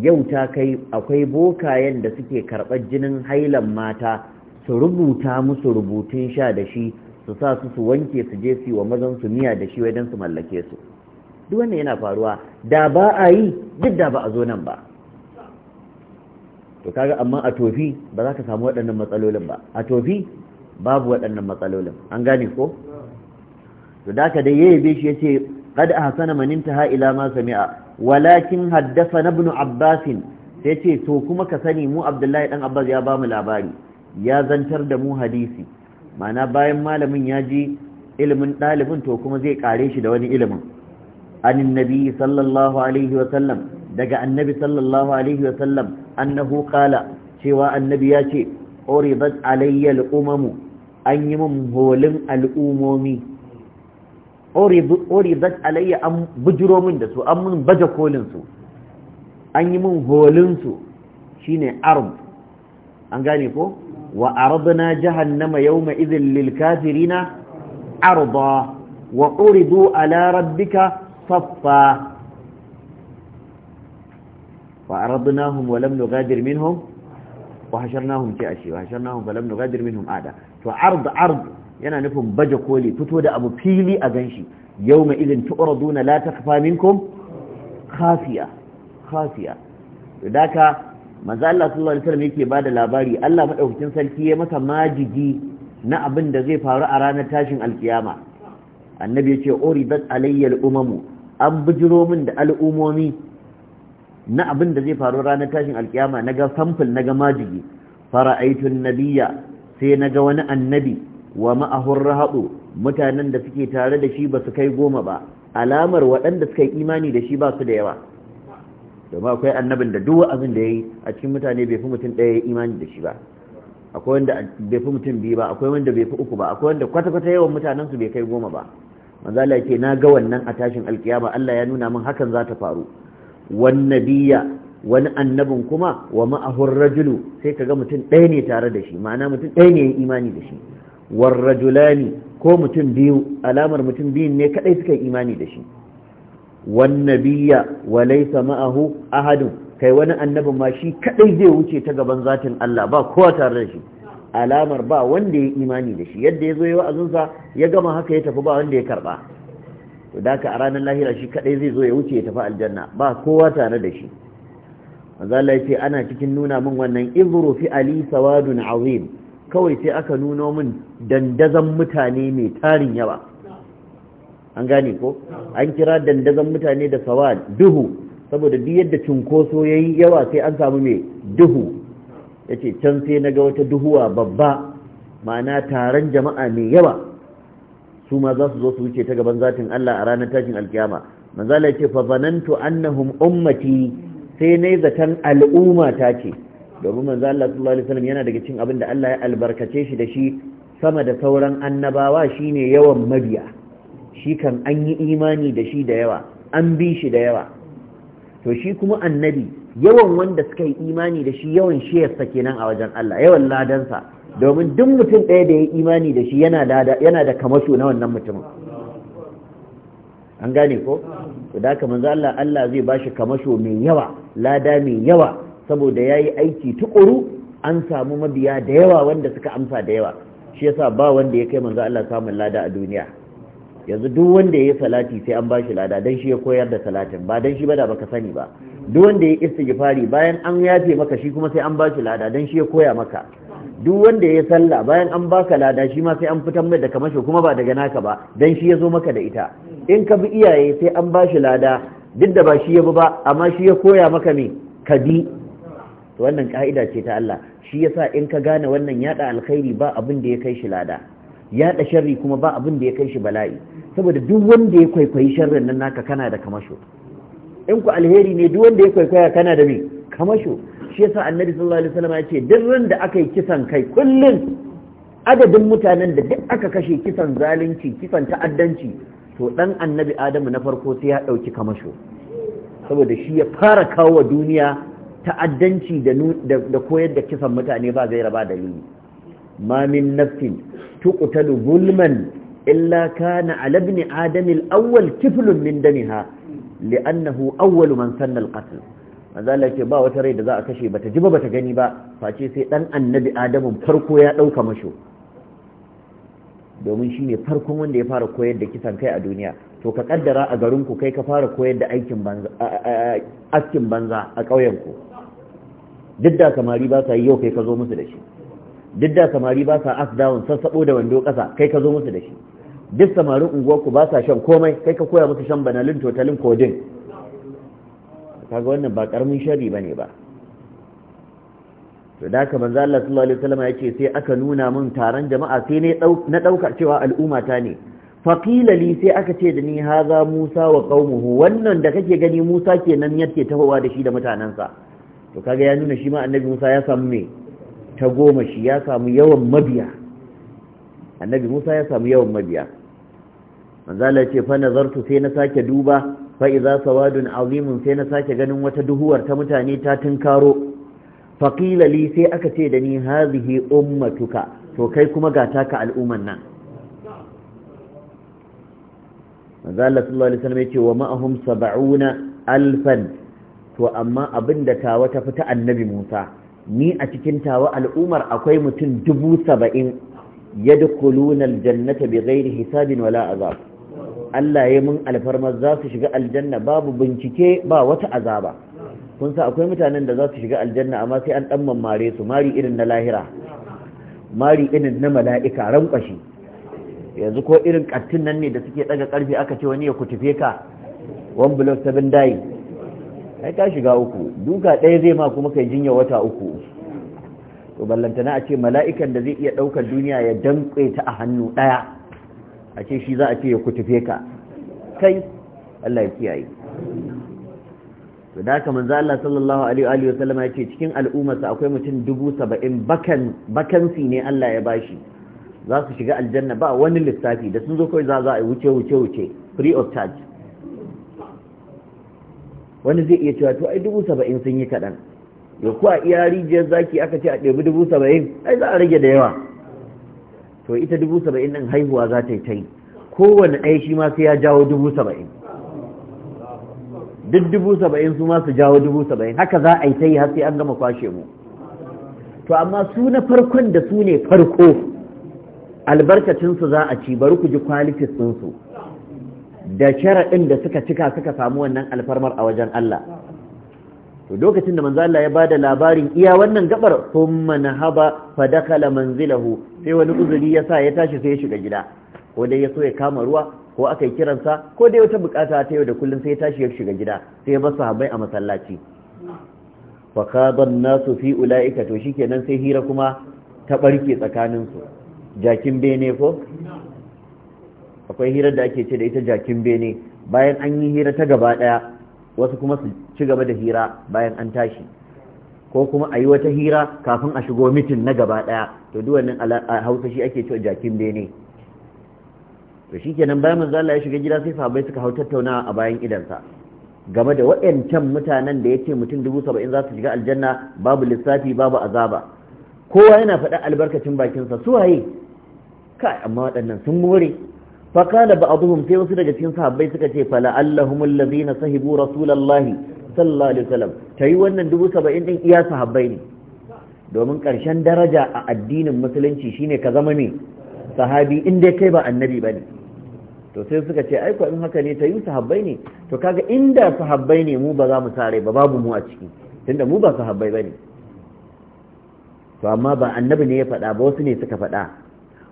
Speaker 1: yau ta kai akwai bokayen da suke karɓar jinin hailan mata su rubuta musu rubutun sha da shi su sa su su wanke su je su wa mazan su miya da shi wajen su mallake su duk wannan yana faruwa da ba a yi duk da ba a zo nan ba to kaga amma a tofi ba za ka samu waɗannan matsalolin ba a tofi babu waɗannan matsalolin an gane ko to da ka dai yayi shi yace qad ahsana man intaha ila ma sami'a walakin haddatha ibn abbas sai ce to kuma ka sani mu abdullahi dan abbas ya bamu labari ya zantar da mu hadisi ma'ana bayan malamin ya ji ilimin ɗalibin to kuma zai kare shi da wani ilimin anin nabi sallallahu alaihi wa sallam daga annabi sallallahu alaihi wa sallam annahu kala cewa annabi ya ce uridat alayya al-umamu an yi min holin al'umomi uridat alayya an bujiro min da su an mun baje kolinsu an yi min holinsu shi ne arb an gane ko wa na jahannama yawma izin lil na arba wa uridu ala rabbika saffa فعرضناهم ولم نغادر منهم وحشرناهم كأشي وحشرناهم فلم نغادر منهم آدا فعرض عرض ينا نفهم بجا كولي تتود أبو فيلي أغنشي يومئذ تؤردون لا تخفى منكم خافية خافية ذاك manzo Allah sallallahu alaihi wasallam yake bada labari Allah madaukakin sarki ya masa majigi na abin da zai faru a ranar tashin alkiyama annabi yace uridat alayya al-umamu an bijiro min da al'umomi na abin da zai faru ranar tashin alkiyama naga samfil naga majigi fara'aitu nabiyya sai naga wani annabi wa ma'ahu rahadu mutanen da suke tare da shi ba su kai goma ba alamar waɗanda suka yi imani da shi ba su da yawa domin akwai annabin da duk abin da yayi a cikin mutane bai fi mutum ɗaya imani da shi ba akwai wanda bai fi mutum biyu ba akwai wanda bai fi uku ba akwai wanda kwata-kwata yawan mutanen su bai kai goma ba manzo Allah yake na ga wannan a tashin alkiyama Allah ya nuna min hakan za ta faru Wannabiya nabiya wani annabin kuma wa ma'ahun rajulu sai ka ga mutum ɗaya ne tare da shi ma'ana mutum ɗaya ne imani da shi war ko mutum biyu alamar mutum biyun ne kaɗai suka yi imani da shi Wannabiya wa laysa ma'ahu ahadun kai wani annabin ma shi kaɗai zai wuce ta gaban zatin Allah ba kowa tare da shi alamar ba wanda ya imani da shi yadda ya zo ya wa'azinsa ya gama haka ya tafi ba wanda ya karɓa to da ka a ranar lahira shi kadai zai zo ya wuce ya tafi aljanna ba kowa tare da shi mazala ya ce ana cikin nuna min wannan izuru fi ali sawadun azim kawai sai aka nuno min dandazan mutane mai tarin yawa an gane ko an kira dandazan mutane da sawad duhu saboda duk yadda cunkoso ya yi yawa sai an samu mai duhu ya can sai na ga wata duhuwa babba ma'ana taron jama'a mai yawa su ma za su zo su wuce ta gaban zatin Allah a ranar tashin alkiyama manzala ce fa zanantu annahum ummati sai ne zaton al'umma ta ce domin Manzala Allah sallallahu alaihi wasallam yana daga cikin abin da Allah ya albarkace shi da shi sama da sauran annabawa shine yawan mabiya shi kan an yi imani da shi da yawa an bi shi da yawa to shi kuma annabi yawan wanda suka yi imani da shi yawan shiyarsa kenan a wajen Allah yawan ladansa domin duk mutum ɗaya da ya yi imani da shi yana da kamasho na wannan mutumin an gane ko Ku da haka manzo Allah Allah zai bashi kamasho mai yawa lada mai yawa saboda yayi aiki tukuru an samu mabiya da yawa wanda suka amsa da yawa shi yasa ba wanda ya kai manzo Allah samun lada a duniya yanzu duk wanda yayi salati sai an bashi lada dan shi ya koyar da salatin ba dan shi ba da baka sani ba duk wanda yayi istighfari bayan an yafe maka shi kuma sai an bashi lada dan shi ya koya maka duk wanda ya sallah bayan an baka lada shi ma sai an fitan mai da kamasho kuma ba daga naka ba dan shi ya zo maka da ita in ka bi iyaye sai an ba shi lada duk da ba shi ya bi ba amma shi ya koya maka ne ka bi to wannan ka'ida ce ta Allah shi yasa in ka gane wannan yada alkhairi ba abin da ya kai shi lada yada sharri kuma ba abin da ya kai shi bala'i saboda duk wanda ya kwaikwayi sharrin nan naka kana da kamasho in ku alheri ne duk wanda ya kwaikwaya kana da me kamasho shi yasa annabi sallallahu alaihi wasallam ya ce duk ran da aka yi kisan kai kullum adadin mutanen da duk aka kashe kisan zalunci kisan ta'addanci to dan annabi adamu na farko sai ya dauki kamasho saboda shi ya fara kawo wa duniya ta'addanci da da koyar da kisan mutane ba zai ba dalili ma min nafsin tuqtalu zulman illa kana ala ibn adam al-awwal kiflun min damiha li'annahu awwal man sanna al-qatl manzo ce ba wata rai da za a kashe ta ji ba ta gani ba face sai dan annabi adamu farko ya dauka masho domin shi ne farkon wanda ya fara koyar da kisan kai a duniya to ka kaddara a garin ku kai ka fara koyar da aikin banza askin banza a ƙauyen ku duk da samari ba sa yi yau kai ka zo musu da shi duk da samari ba sa as down sassaɓo da wando ƙasa kai ka zo musu da shi duk samarin unguwarku ba sa shan komai kai ka koya musu shan banalin totalin kodin kaga wannan ba karamin shari bane ba to da ka manzo Allah sallallahu alaihi wasallam yace sai aka nuna mun taron jama'a sai ne na dauka cewa al'umma ta ne faqila li sai aka ce da ni haza Musa wa qaumuhu wannan da kake gani Musa kenan yake tahowa da shi da mutanansa to kaga ya nuna shi ma annabi Musa ya samu me ta goma shi ya samu yawan mabiya annabi Musa ya samu yawan mabiya manzo Allah ya ce fa nazartu sai na sake duba fa'iza idza sawadun azimun sai na sake ganin wata duhuwar ta mutane ta tunkaro fa sai aka ce da ni hadhihi ummatuka to kai kuma ga taka al'umman nan manzo Allah wa alfan to amma abinda tawa ta fita annabi Musa ni a cikin tawa al'umar akwai mutum dubu saba'in yadkhuluna bai bighairi hisabin wala azab Allah ya mun alfarmar za su shiga aljanna babu bincike ba wata azaba kun sa akwai mutanen da za su shiga aljanna amma sai an dan mamare su mari irin na lahira mari irin na mala'ika rankwashi yanzu ko irin kattin nan ne da suke daga karfi aka ce wani ya kutufe ka one block seven die ai ka shiga uku duka ɗaya zai ma kuma kai jinya wata uku to ballantana a ce mala'ikan da zai iya ɗaukar duniya ya danƙwe ta a hannu ɗaya a ce shi za a ce ya kutufe ka kai Allah ya kiyaye to da kamar manzo Allah sallallahu alaihi wa sallama yace cikin al'ummarsa akwai mutum 70 bakan bakansi ne Allah ya bashi za su shiga aljanna ba wani lissafi da sun zo kai za za a wuce wuce wuce free of charge wani zai iya cewa to ai saba'in sun yi kaɗan, yau ko a iya rijiyar zaki aka ce a ɗebi saba'in? ai za a rage da yawa to ita dubu saba'in ɗin haihuwa za ta yi ta yi kowane ɗaya shi masu ya jawo dubu saba'in duk dubu saba'in su masu jawo dubu saba'in haka za a yi ta yi har sai an gama kwashe mu to amma su na farkon da su ne farko albarkacinsu za a ci bari ku ji kwalifis ɗinsu da sharaɗin da suka cika suka samu wannan alfarmar a wajen Allah to lokacin da manzo Allah ya bada labarin iya wannan gabar thumma nahaba fa dakala manzilahu sai wani uzuri ya sa ya tashi sai ya shiga gida ko dai ya so ya kama ruwa ko aka yi kiransa ko dai wata bukata ta yau da kullum sai ya tashi ya shiga gida sai ya bar sahabbai a masallaci fa an nasu fi ulaika to shikenan sai hira kuma ta barke tsakanin su jakin bene ko akwai hirar da ake ce da ita jakin bene bayan an yi hira ta gaba daya wasu kuma su ci gaba da hira bayan an tashi ko kuma a yi wata hira kafin a shigo mitin na gaba ɗaya to duk wannan hausa shi ake cewa jakin bene to shi kenan bayan manzo Allah ya shiga gida sai sahabbai suka hau tattaunawa a bayan idansa game da waɗancan mutanen da ya ce mutum dubu saba'in za su shiga aljanna babu lissafi babu azaba kowa yana faɗa albarkacin bakinsa su waye kai amma waɗannan sun more fakala ba'dhum sai wasu daga cikin sahabbai suka ce fala allahumul ladina sahibu rasulullahi sallallahu alaihi wasallam tayi wannan dubu saba'in din iya sahabbai ne domin karshen daraja a addinin musulunci shine ka zama me sahabi in dai kai ba annabi bane to sai suka ce ai in haka ne tayi sahabbai ne to kaga inda sahabbai ne mu ba za mu sare ba babu mu a ciki mu ba to amma ba annabi ne ya faɗa ba wasu ne suka faɗa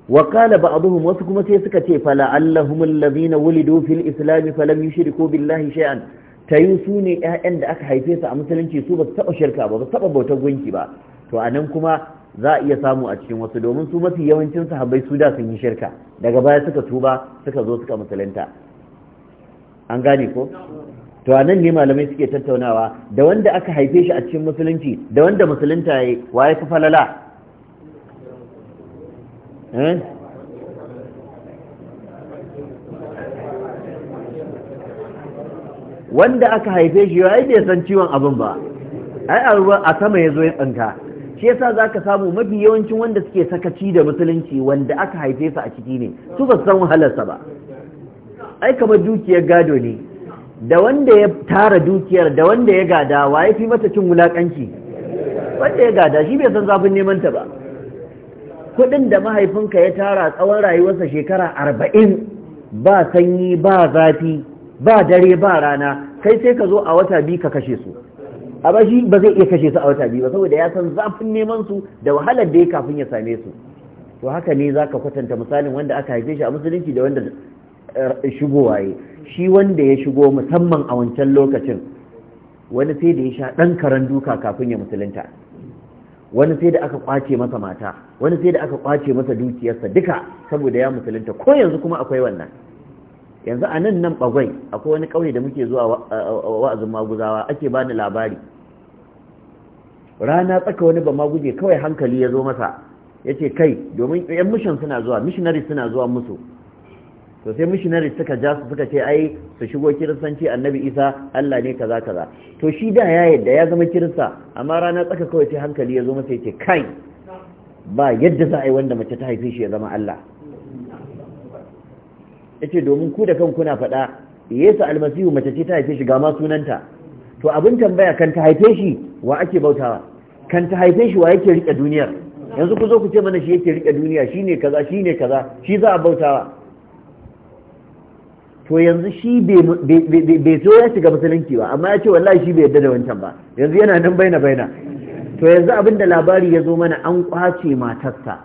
Speaker 1: wa qala ba'dhum wasu kuma sai suka ce fala allahum allazina wulidu fil islam falam yushriku billahi shay'an tayu sune yayan da aka haife su a musulunci su ba su taba shirka ba ba su taba bautar gunki ba to anan kuma za a iya samu a cikin wasu domin su mafi yawancin sahabbai su da sun yi shirka daga baya suka tuba suka zo suka musulunta an gane ko to a nan ne malamai suke tattaunawa da wanda aka haife shi a cikin musulunci da wanda musulunta ya waye fi falala Eh? wanda aka haife shi ya bai san ciwon abin ba ai a sama ya zo ya tsanka shi yasa za ka samu mafi yawancin wanda suke sakaci da musulunci wanda aka haife su a ciki ne su ba san wahalarsa ba ai kamar dukiyar gado ne da wanda ya tara dukiyar da wanda ya gada wa ya fi mata cin wulakanci wanda ya gada shi bai san zafin neman ta ba kuɗin da mahaifinka ya tara tsawon rayuwarsa shekara arba'in ba sanyi ba zafi ba dare ba rana kai sai ka zo a wata biyu ka kashe su a ba ba zai iya kashe su a wata biyu ba saboda ya san zafin neman su da wahalar da ya kafin ya same su to haka ne za ka kwatanta misalin wanda aka haife shi a musulunci da wanda eh, shigowa ya shi wanda ya shigo musamman a wancan lokacin wani sai da ya sha ɗan karen duka kafin ya musulunta wani sai da aka kwace masa mata wani sai da aka kwace masa dukiyarsa duka saboda ya musulunta ko yanzu kuma akwai wannan yanzu a nan nan bagwai akwai wani ƙauye da muke zuwa wa'azin maguzawa ake bani labari rana tsaka wani ba maguje kawai hankali ya zo masa ya ce kai domin yan mission suna zuwa missionary suna zuwa musu to sai missionary suka ja su suka ce ai su shigo kiristanci annabi isa allah ne kaza kaza to shi da ya yadda ya zama kirista amma rana tsaka kawai sai hankali ya zo masa ya ce kai ba yadda za a yi wanda mace ta haife shi ya zama allah ya ce domin ku da kanku na faɗa yesu almasihu mace ce ta haife shi ga ma sunanta to abin tambaya kan ta haife shi wa ake bautawa kan ta haife shi wa yake rike duniyar yanzu ku zo ku ce mana shi yake rike duniya shine kaza shine kaza shi za a bautawa to yanzu shi bai so ya shiga musulunci ba amma ya ce wallahi shi bai yadda da wancan ba yanzu yana nan baina baina to yanzu abin da labari ya zo mana an kwace matarsa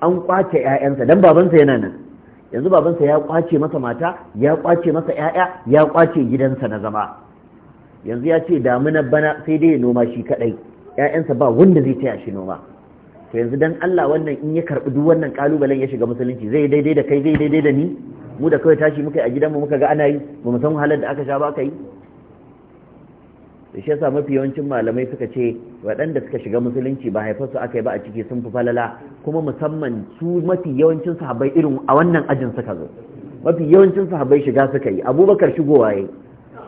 Speaker 1: an kwace ƴaƴansa. dan babansa yana nan yanzu babansa ya kwace masa mata ya kwace masa ƴaƴa, ya kwace gidansa na zama yanzu ya ce damuna bana sai dai ya noma shi kadai ƴaƴansa ba wanda zai taya shi noma to yanzu dan Allah wannan in ya karbi duk wannan kalubalen ya shiga musulunci zai daidai da kai zai daidai da ni mu da kawai tashi muka yi a gidanmu muka ga ana yi ba mu san wahalar da aka sha ba kai. yi da yasa mafi yawancin malamai suka ce waɗanda suka shiga musulunci ba haifar su aka yi ba a ciki sun fi falala kuma musamman su mafi yawancin sahabbai irin a wannan ajin suka zo mafi yawancin sahabbai shiga suka yi abubakar shigowa yayi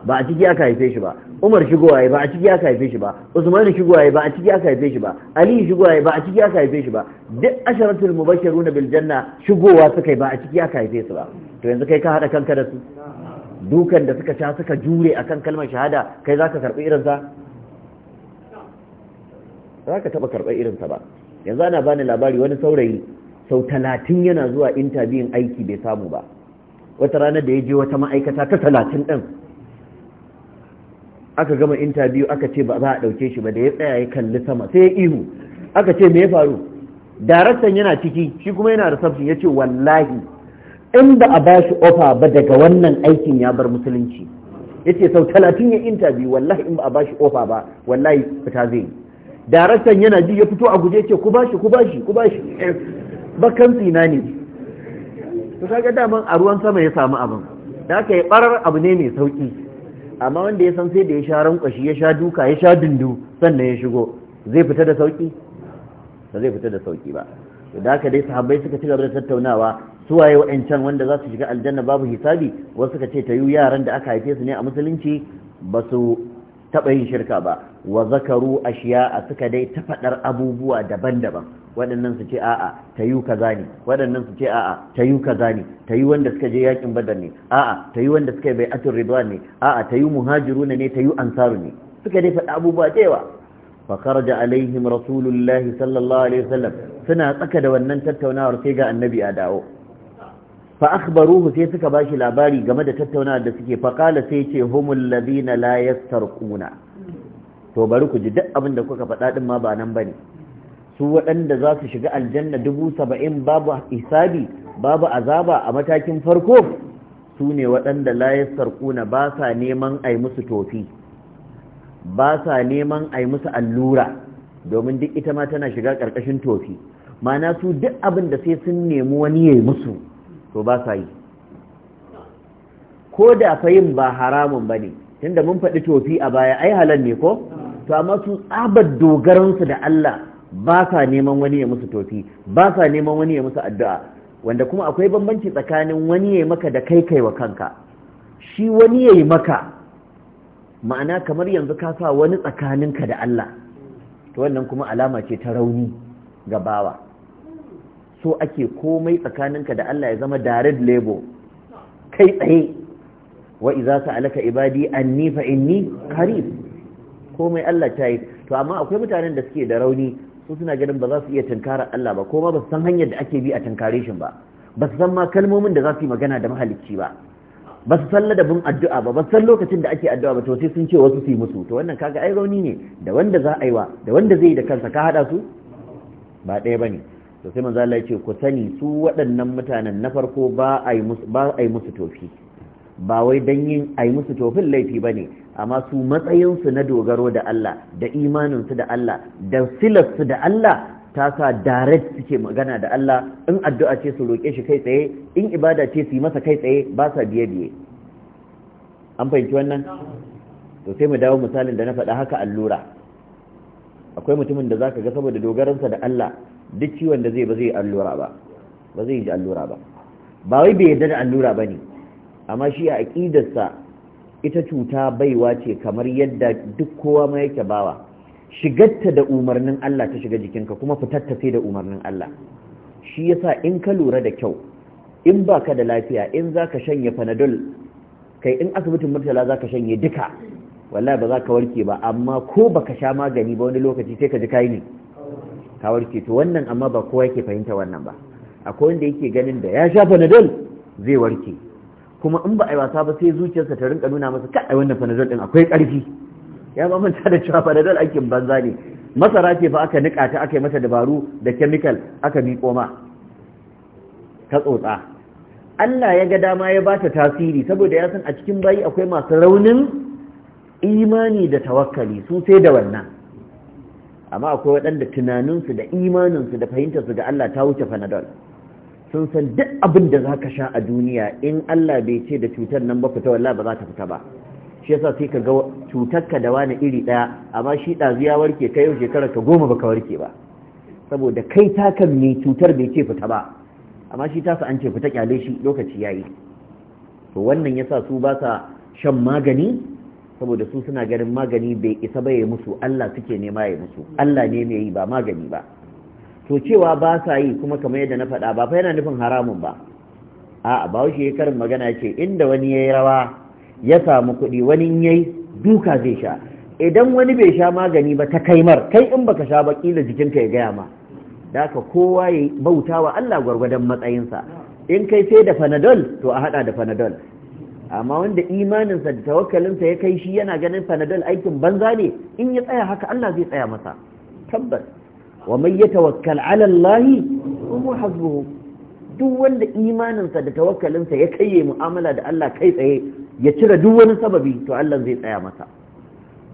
Speaker 1: ba a ciki aka haife shi ba Umar shigowaye ba a ciki aka haife shi ba Usman shigowaye ba a ciki aka haife shi ba Ali shigowaye ba a ciki aka haife shi ba duk asharatul mubashirun bil janna shigowa suka ba a ciki aka haife su ba to yanzu kai ka hada kanka da su dukan da suka sha suka jure akan kalmar shahada kai zaka karbi irin sa zaka taba karbi irin sa ba yanzu ana bani labari wani saurayi sau talatin yana zuwa interview aiki bai samu ba wata ranar da ya je wata ma'aikata ta talatin din aka gama interview aka ce ba za a ɗauke shi ba da ya tsaya ya kalli sama sai ya ihu aka ce me ya faru daraktan yana ciki shi kuma yana reception ya ce wallahi in ba a ba shi ofa ba daga wannan aikin ya bar musulunci ya ce sau talatin ya interview wallahi in ba a ba shi ofa ba wallahi fita zai yi daraktan yana ji ya fito a guje ce ku bashi ku bashi ku bashi <laughs> bakan tsina ne to kaga daman a ruwan sama ya samu abin da aka yi barar abu ne mai sauki amma wanda ya san sai da ya sha rankwashi ya sha duka ya sha dundu sannan ya shigo zai fita da sauki ba zai fita da sauki ba da haka dai sahabbai suka ci gaba da tattaunawa su waye wa'ancan wanda za su shiga aljanna babu hisabi wasu suka ce ta yi yaran da aka haife su ne a musulunci ba su taɓa yin shirka ba wa zakaru ashiya'a suka dai ta faɗar abubuwa daban-daban waɗannan su ce a'a ta yi kaza ne waɗannan su ce a'a ta yi kaza ne ta yi wanda suka je yakin badar ne a'a ta yi wanda suka yi bai'atul ridwan ne a'a ta yi muhajiruna ne ta yi ansaru ne suka dai faɗa abubuwa cewa. yawa fa kharaja alaihim rasulullah sallallahu alaihi wasallam suna tsaka da wannan tattaunawar sai ga annabi a dawo fa akhbaruhu sai suka bashi labari game da tattaunawar da suke fa qala sai ce humul ladina la yastarquna to bari ku ji duk abin da kuka faɗa din ma ba nan bane su waɗanda za su shiga aljanna dubu saba'in babu hisabi babu azaba a matakin farko su ne waɗanda layar sarƙuna ba sa neman ai musu tofi ba sa neman ai musu allura domin duk ita ma tana shiga ƙarƙashin tofi mana su duk abin da sai sun nemi wani ya yi musu to ba sa yi ko da fa yin ba haramun ba ne tunda mun faɗi tofi a baya ai halal ne ko to amma su tsabar dogaransu da Allah ba sa neman wani ya musu tofi ba sa neman wani ya musu addu'a wanda kuma akwai bambanci tsakanin wani ya yi maka da kai kai wa kanka shi wani ya yi maka ma'ana kamar yanzu ka sa wani tsakaninka da Allah to wannan kuma alama ce ta rauni ga bawa so ake komai tsakaninka da Allah ya zama direct labor kai tsaye wa iza alaka ibadi anni fa inni qarib komai Allah ta yi to amma akwai mutanen da suke da rauni su suna ganin ba za su iya tunkara Allah ba kuma ba su san hanyar da ake bi a tunkare shi ba ba su san ma kalmomin da za su yi magana da mahalicci ba ba su san ladabin addu'a ba ba su san lokacin da ake addu'a ba to sai sun ce wasu su yi musu to wannan kaga ai rauni ne da wanda za a yi wa da wanda zai yi da kansa ka hada su ba ɗaya bane to sai manzo Allah ya ce ku sani su waɗannan mutanen na farko ba a yi musu ba a musu tofi ba wai dan yin a yi musu tofin laifi bane amma su matsayinsu na dogaro da Allah da imaninsu da Allah da filarsu da Allah ta sa direct suke magana da Allah in addu'a ce su roƙe shi kai tsaye in ibada ce su yi masa kai tsaye ba sa biye biye an fahimci wannan to sai mu dawo misalin da na faɗa haka allura akwai mutumin da zaka ga saboda dogaransa da Allah duk ciwon da zai ba zai allura ba ba zai yi allura ba ba wai bai yarda da allura ne. amma shi a aqidarsa ita cuta baiwa ce kamar yadda duk kowa ma yake bawa shigarta da umarnin Allah ta shiga jikinka kuma fitarta sai da umarnin Allah shi yasa in ka lura da kyau in baka da lafiya in zaka shanye fanadol, kai in asibitin murtala zaka shanye duka wallahi ba za ka warke ba amma ko baka sha magani ba wani lokaci sai ka ji kai ne ka warke to wannan amma ba kowa yake fahimta wannan ba akwai wanda yake ganin da ya sha fanadol zai warke kuma in ba a yi wasa ba sai zuciyarsa ta rinka nuna masa kai wannan fanadol din akwai ƙarfi ya ba manta da cewa fanadol aikin banza ne masara ce fa aka nika ta aka yi mata dabaru da chemical aka miƙo ma ta tsotsa Allah ya ga dama ya ba ta tasiri saboda ya san a cikin bayi akwai masu raunin imani da tawakkali su sai da wannan amma akwai waɗanda tunaninsu da imaninsu da fahimtarsu ga Allah ta wuce fanadol sun san duk abin da za ka sha a duniya in Allah bai ce da cutar nan ba fita wallah ba za ta fita ba shi yasa sai ka ga cutarka da wani iri daya, amma shi ɗazu warke kai yau shekarar ka goma baka warke ba saboda kai takan mai cutar bai ce fita ba amma shi sa an ce fita kyale shi lokaci yayi to wannan yasa su ba sa shan magani saboda su suna ganin magani bai isa ba ya musu Allah suke nema ya musu Allah ne mai yi ba magani ba to cewa ba sa yi kuma kamar yadda na faɗa ba fa yana nufin haramun ba a bahaushe ya karin magana ce inda wani ya yi rawa ya samu kuɗi wani ya yi duka zai sha idan wani bai sha magani ba ta kaimar kai in baka sha ba kila jikinka ya gaya ma da ka kowa ya bauta wa Allah gwargwadon matsayinsa in kai sai da fanadol to a haɗa da fanadol amma wanda imaninsa da tawakkalinsa ya kai shi yana ganin fanadol aikin banza ne in ya tsaya haka Allah zai tsaya masa tabbas wa man yatawakkal ala Allah huwa hasbuhu duk wanda imaninsa da tawakkalinsa ya kaiye mu'amala da Allah kai tsaye ya cire duk wani sababi to Allah zai tsaya masa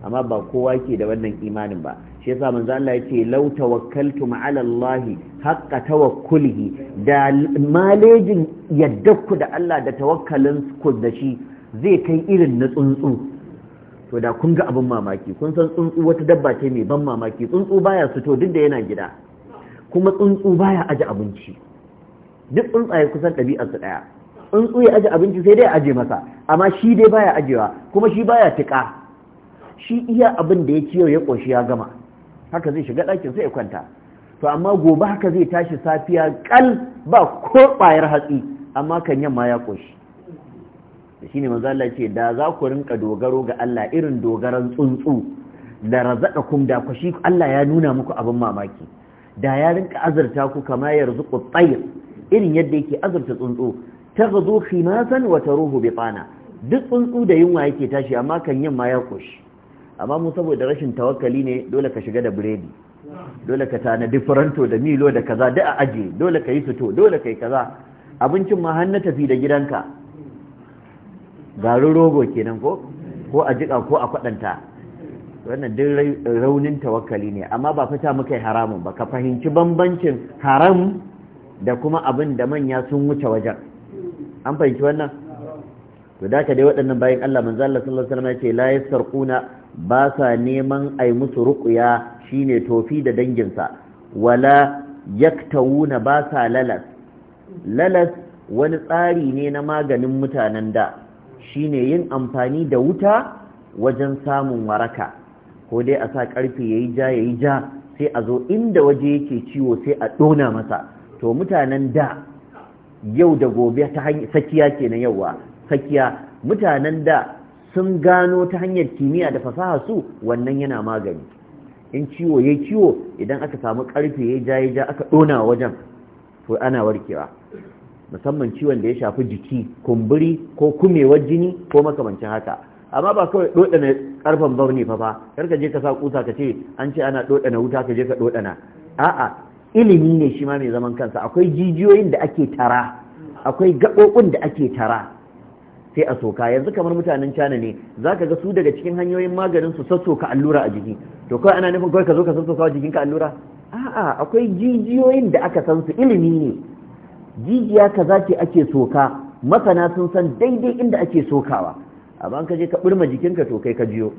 Speaker 1: amma ba kowa yake da wannan imanin ba shi yasa manzo Allah yake law tawakkaltum ala Allah haqqa tawakkulihi da malejin yaddaku da Allah da tawakkalin ku da shi zai kai irin na tsuntsu to da kun ga abin mamaki kun san tsuntsu wata dabba ce mai ban mamaki tsuntsu baya fito duk da yana gida kuma tsuntsu baya aje abinci duk tsuntsaye kusan ɗabi'ar su ɗaya tsuntsu ya aje abinci sai dai aje masa amma shi dai baya ajewa kuma shi baya tika shi iya abin da ya yau ya ƙoshi ya gama haka zai shiga ɗakin sai ya kwanta to amma gobe haka zai tashi safiya kal ba ko ƙwayar hatsi amma kan yamma ya ƙoshi shine manzo Allah ce da za ku rinka dogaro ga Allah irin dogaran tsuntsu da razaka kum da ku shi Allah ya nuna muku abin mamaki da ya rinka azurta ku kama yarzuqu tayr irin yadda yake azurta tsuntsu taghdu khimasan wa taruhu bitana duk tsuntsu da yunwa yake tashi amma kan yin ma ya koshi amma mu saboda rashin tawakkali ne dole ka shiga da biredi dole ka tanadi firanto da milo da kaza da a aje dole ka yi fito dole ka yi kaza abincin ma har na tafi da gidanka garin rogo kenan ko ko a jiƙa ko a kwaɗanta wannan duk raunin tawakkali ne amma ba fita muka yi haramun ba ka fahimci bambancin haram da kuma abin da manya sun wuce wajen an fahimci wannan to da ka dai waɗannan bayan Allah manzo Allah sallallahu alaihi wasallam ya ce la yasarquna ba sa neman ai musu ruqya shine tofi da danginsa wala yaktawuna ba sa lalas lalas wani tsari ne na maganin mutanen da shine yin amfani da wuta wajen samun waraka ko dai a sa karfe yayi ja yayi ja sai a zo inda waje yake ciwo sai a ɗona masa to mutanen da yau da gobe ta hanyar sakiya kenan yawa sakiya mutanen da sun gano ta hanyar kimiyya da fasaha su wannan yana magani in ciwo ya ciwo idan aka samu karfe ya ja ya ja aka dona wajen to ana warkewa musamman ciwon da ya shafi jiki kumburi ko kumewar jini ko makamancin haka amma ba kawai dodana karfan ba ba. Kar ka je ka sa kusa ka ce an ce ana dodana wuta ka je ka dodana a'a ilimi ne shi ma mai zaman kansa akwai jijiyoyin da ake tara akwai gabobin da ake tara sai a soka yanzu kamar mutanen cana ne za ka ga su daga cikin hanyoyin maganin su sassoka allura a jiki to kawai ana nufin kawai ka zo ka sassoka jikinka allura a'a akwai jijiyoyin da aka san su ilimi ne jijiya za ce ake soka masana sun san daidai inda ake sokawa amma ka je ka burma jikinka to kai ka jiyo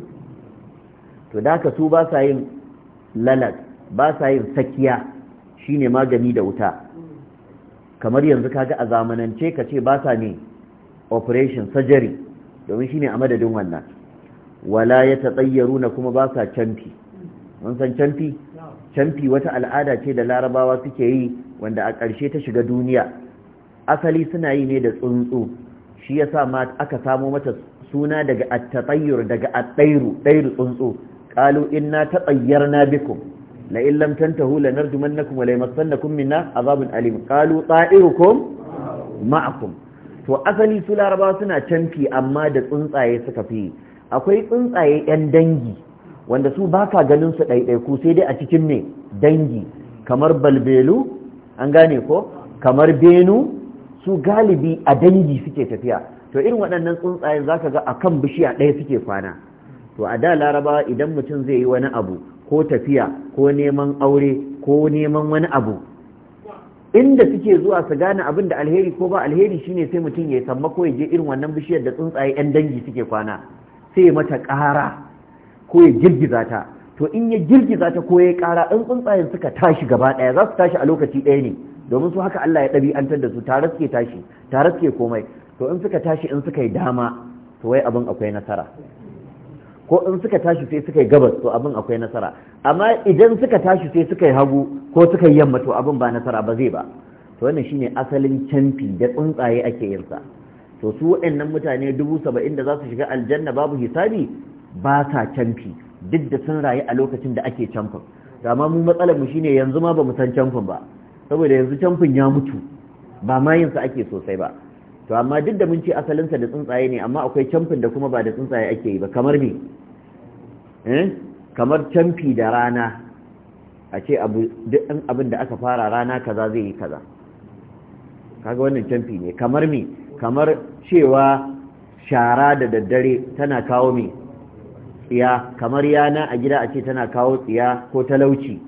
Speaker 1: to da ka su ba sa yin lalat ba sa yin sakiya shine magani da wuta kamar yanzu kaga a zamanance ka ce ba sa ne operation surgery domin shi ne a madadin wannan wala ya na kuma ba sa canfi mun san canfi canfi wata al'ada ce da larabawa suke yi wanda a ƙarshe ta shiga duniya asali suna yi ne da tsuntsu shi yasa ma aka samo mata suna daga at daga at-tayru tsuntsu qalu inna na bikum la in tantahu lanarjumannakum wa la minna azabun alim qalu ta'irukum ma'akum to asali su laraba suna canfi amma da tsuntsaye suka fi akwai tsuntsaye yan dangi wanda su ba ka ganin su ɗaiɗaiku sai dai a cikin ne dangi kamar balbelu an gane ko kamar benu su galibi a dangi suke tafiya to irin waɗannan tsuntsaye za ka ga a kan bishiya ɗaya suke kwana to a da larabawa idan mutum zai yi wani abu ko tafiya ko neman aure ko neman wani abu inda suke zuwa su gane abin da alheri ko ba alheri shine sai mutum ya samma ko ya je irin wannan bishiyar da tsuntsaye 'yan dangi suke kwana sai mata ƙara ko ya girgiza ta to in ya girgiza ta koye kara in tsuntsayen suka tashi gaba ɗaya za su tashi a lokaci ɗaya ne domin su haka Allah ya ɗabi'antar da su tare suke tashi tare suke komai to in suka tashi in suka yi dama to wai abin akwai nasara ko in suka tashi sai suka yi gabas to abin akwai nasara amma idan suka tashi sai suka yi hagu ko suka yi yamma to abin ba nasara ba zai ba to wannan shine asalin canfi da tsuntsaye ake yin sa to su waɗannan mutane dubu saba'in da za su shiga aljanna babu hisabi ba sa canfi duk da sun rayu a lokacin da ake camfin amma mu matsalar mu shine yanzu ma bamu san camfin ba saboda yanzu camfin ya mutu ba ma sa ake sosai ba to amma duk da mun ce asalin sa da tsuntsaye ne amma akwai camfin da kuma ba da tsuntsaye ake yi ba kamar me eh kamar camfi da rana a ce abu duk an abin da aka fara rana kaza zai yi kaza kaga wannan camfi ne kamar me kamar cewa shara da daddare tana kawo me tsiya kamar yana a gida a ce tana kawo tsiya ko talauci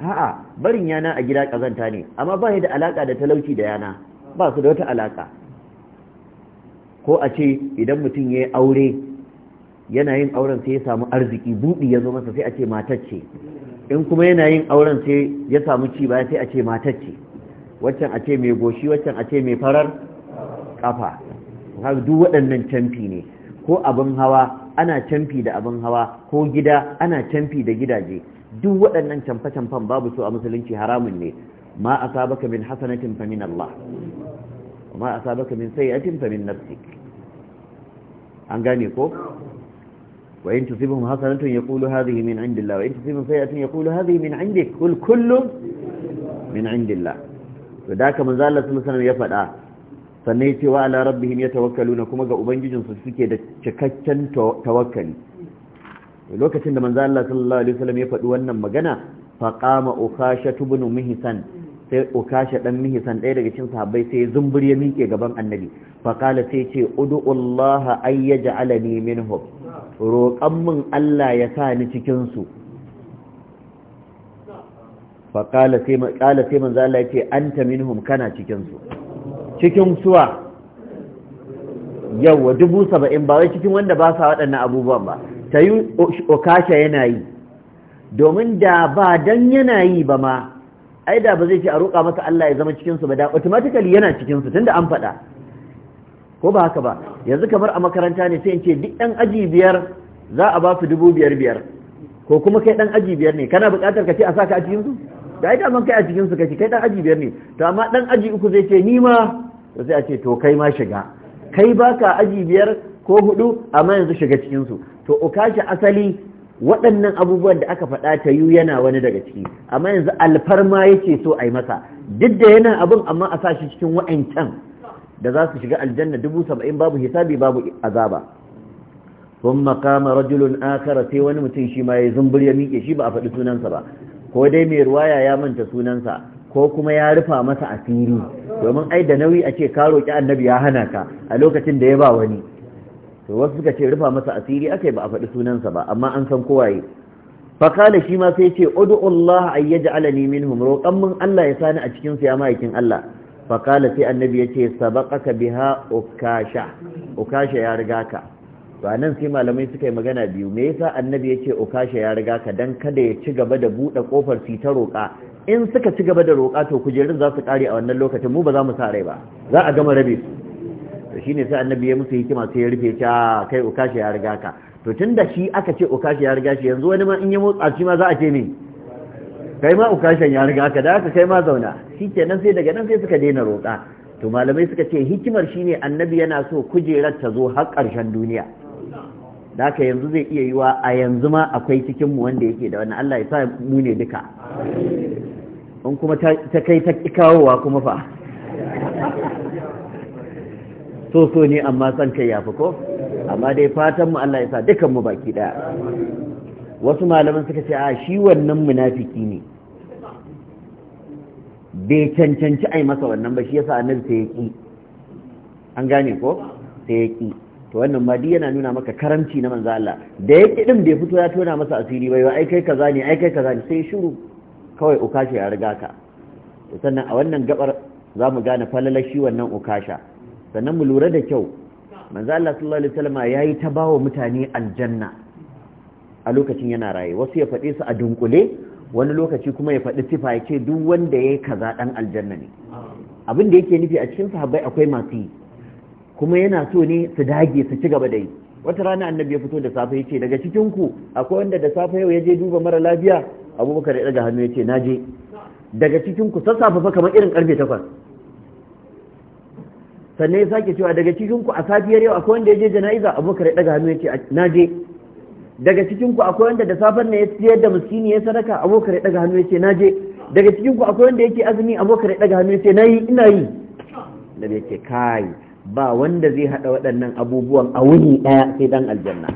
Speaker 1: a'a barin yana a gida kazanta ne amma ba da alaka da talauci da yana ba su da wata alaka ko a ce idan mutum ya yi aure yana yin auren sai ya samu arziki buɗi ya zo masa sai a ce matacce in kuma yana yin auren sai ya samu ci baya sai a ce matacce waccan a ce mai goshi waccan a ce mai farar kafa duk waɗannan canfi ne ko abin hawa ana camfi da abin hawa ko gida ana camfi da gidaje duk waɗannan camfe-camfen babu su a musulunci haramun ne ma a asabaka min hasanatin fa min Allah ma a asabaka min sayyi'atin fa min nafsik an gane ko wa in tusibhum hasanatun yaqulu hadhihi min indillah wa in tusibhum sayyi'atun yaqulu hadhihi min indik kul kullu min indillah to da ka manzo Allah sallallahu alaihi wasallam ya faɗa sannan ya ce wa ala rabbihim na kuma ga ubangijinsu suke da cikakken tawakkali lokacin da manzo Allah sallallahu alaihi wasallam ya faɗi wannan magana fa qama ukasha ibn mihsan sai ukasha dan mihsan ɗaya daga cikin sahabbai sai zumbur ya miƙe gaban annabi fa qala sai ce ud'u Allah ay yaj'alani minhum roƙan min Allah ya sa ni cikin su fa qala sai qala sai manzo Allah ya ce anta minhum kana cikin su cikin suwa yawa dubu saba'in ba wai cikin wanda ba sa waɗannan abubuwan ba ta yi okasha yana yi domin da ba don yana yi ba ma ai da ba zai ce a roƙa masa Allah ya zama cikinsu ba da automatically yana cikinsu tunda an faɗa ko ba haka ba yanzu kamar a makaranta ne sai in ce duk ɗan aji biyar za a ba su dubu biyar biyar ko kuma kai ɗan aji biyar ne kana buƙatar ka ce a saka a cikinsu da ai da man kai a cikinsu kake kai ɗan aji biyar ne to amma ɗan aji uku zai ce ni ma da sai a ce to kai ma shiga kai baka aji biyar ko hudu amma yanzu shiga cikin su to okashi asali waɗannan abubuwan da aka faɗa ta yi yana wani daga ciki amma yanzu alfarma yake so a yi masa duk da yana abin amma a sa shi cikin wa'ancan da za su shiga aljanna dubu saba'in babu hisabi babu azaba sun makama rajulun akara sai wani mutum shi ma ya zumbur ya miƙe shi ba a faɗi sunansa ba ko dai mai ruwaya ya manta sunansa ko kuma ya rufa masa asiri domin ai da nauyi a ce ka roƙi annabi ya hana ka a lokacin da ya ba wani to wasu suka ce rufa masa asiri akai ba a faɗi sunansa ba amma an san kowaye fakala shi ma sai ce ud'u Allah ay yaj'alani minhum roƙan mun Allah ya sani a cikin su ya ma'aikin Allah fakala sai annabi yace sabaqaka biha ukasha ukasha ya riga ka to anan sai malamai suka yi magana biyu me yasa annabi yace ukasha ya riga ka dan kada ya ci gaba da bude kofar fitar roƙa in suka ci gaba da roƙa to kujerun za su ƙare a wannan lokacin mu ba za mu sa rai ba za a gama rabe su to shine sai annabi ya musu hikima sai ya rufe ta ah, kai ukashi ya riga ka to tunda shi aka ce ukashi ya riga shi yanzu wani ma in ya motsa shi ma za a ce ne kai ma ukashin ya riga ka da haka kai ma zauna Shi ke nan sai daga nan sai suka daina roƙa to malamai suka ce hikimar shine annabi yana so kujerar ta zo har ƙarshen duniya da haka yanzu zai iya yiwa a yanzu ma akwai cikinmu wanda yake da wannan Allah ya sa mu ne duka in kuma ta kai ta kawowa kuma fa so so ne amma san kai yafi ko amma dai fatan mu Allah ya sa dukan mu baki daya wasu malaman suka ce a shi wannan munafiki ne bai cancanci ai masa wannan ba shi yasa annabi sai ya ki an gane ko sai ya ki to wannan ma duk yana nuna maka karamci na manzo Allah da yake din bai fito ya tona masa asiri ba ai kai kaza ne ai kai kaza ne sai shiru kawai ukasha ya riga ka to sannan a wannan gabar za mu gane falalar shi wannan ukasha sannan mu lura da kyau manzo Allah sallallahu alaihi wasallam yayi ta bawa mutane aljanna a lokacin yana raye wasu ya faɗe su a dunkule wani lokaci kuma ya faɗi sifa ya ce duk wanda ya yi kaza ɗan aljanna ne abin da yake nufi a cikin sahabbai akwai masu yi kuma yana so ne su dage su ci gaba da yi wata rana annabi ya fito da safe yace daga cikin ku akwai wanda da safe yau yaje duba mara lafiya abubakar ya daga hannu yace je. daga cikin ku sassafe fa kamar irin karfe 8 sannan ya sake cewa daga cikin ku a safiyar yau akwai wanda yaje jana'iza abubakar ya daga hannu yace je. daga cikin ku akwai wanda da safen ne ya siyar da miskini ya sadaka abubakar ya daga hannu yace je. daga cikin ku akwai wanda yake azumi abubakar ya daga hannu yace yi, ina yi da yake kai ba wanda zai haɗa waɗannan abubuwan a wuni ɗaya sai dan aljanna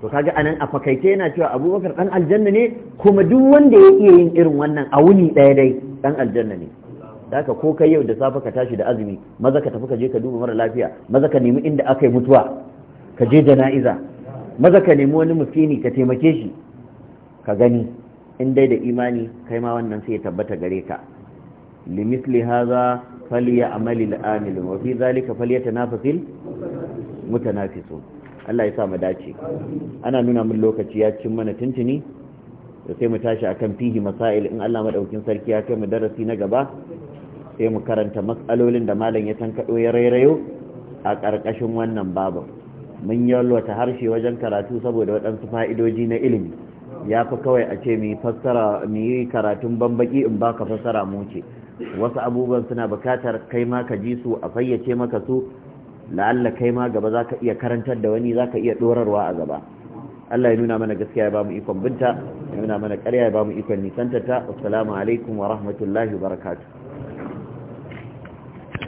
Speaker 1: to kaga anan a fakaice yana cewa abubakar ɗan aljanna ne kuma duk wanda ya iya yin irin wannan a wuni ɗaya dai dan aljanna ne haka ko kai yau da safe ka tashi da azumi maza ka tafi ka je ka duba mara lafiya maza ka nemi inda aka yi mutuwa ka je jana'iza maza ka nemi wani miskini ka taimake shi ka gani in dai da imani kai ma wannan sai ya tabbata gare ka limisli haza فليعمل الآمل وفي ذلك فليتنافس المتنافسون Allah ya sa mu dace ana nuna min lokaci ya cin mana tuntuni sai mu tashi akan fihi masail in Allah madaukin sarki ya kai mu darasi na gaba sai mu karanta mas'alolin da malam ya tankado ya rairayo a ƙarƙashin wannan babu mun yalwata harshe wajen karatu saboda waɗansu fa'idoji na ilimi ya fi kawai a ce mu yi fassara mu yi karatun bambaki in baka fassara mu ce wasu abubuwan suna bukatar kai ma ka ji su a fayyace maka su la'alla kai ma gaba za ka iya karantar da wani za ka iya ɗorarwa a gaba Allah ya nuna mana gaskiya ya ba mu ikon binta ya nuna mana karya ya ba mu ikon nisantata assalamu alaikum wa rahmatullahi wa barakatuh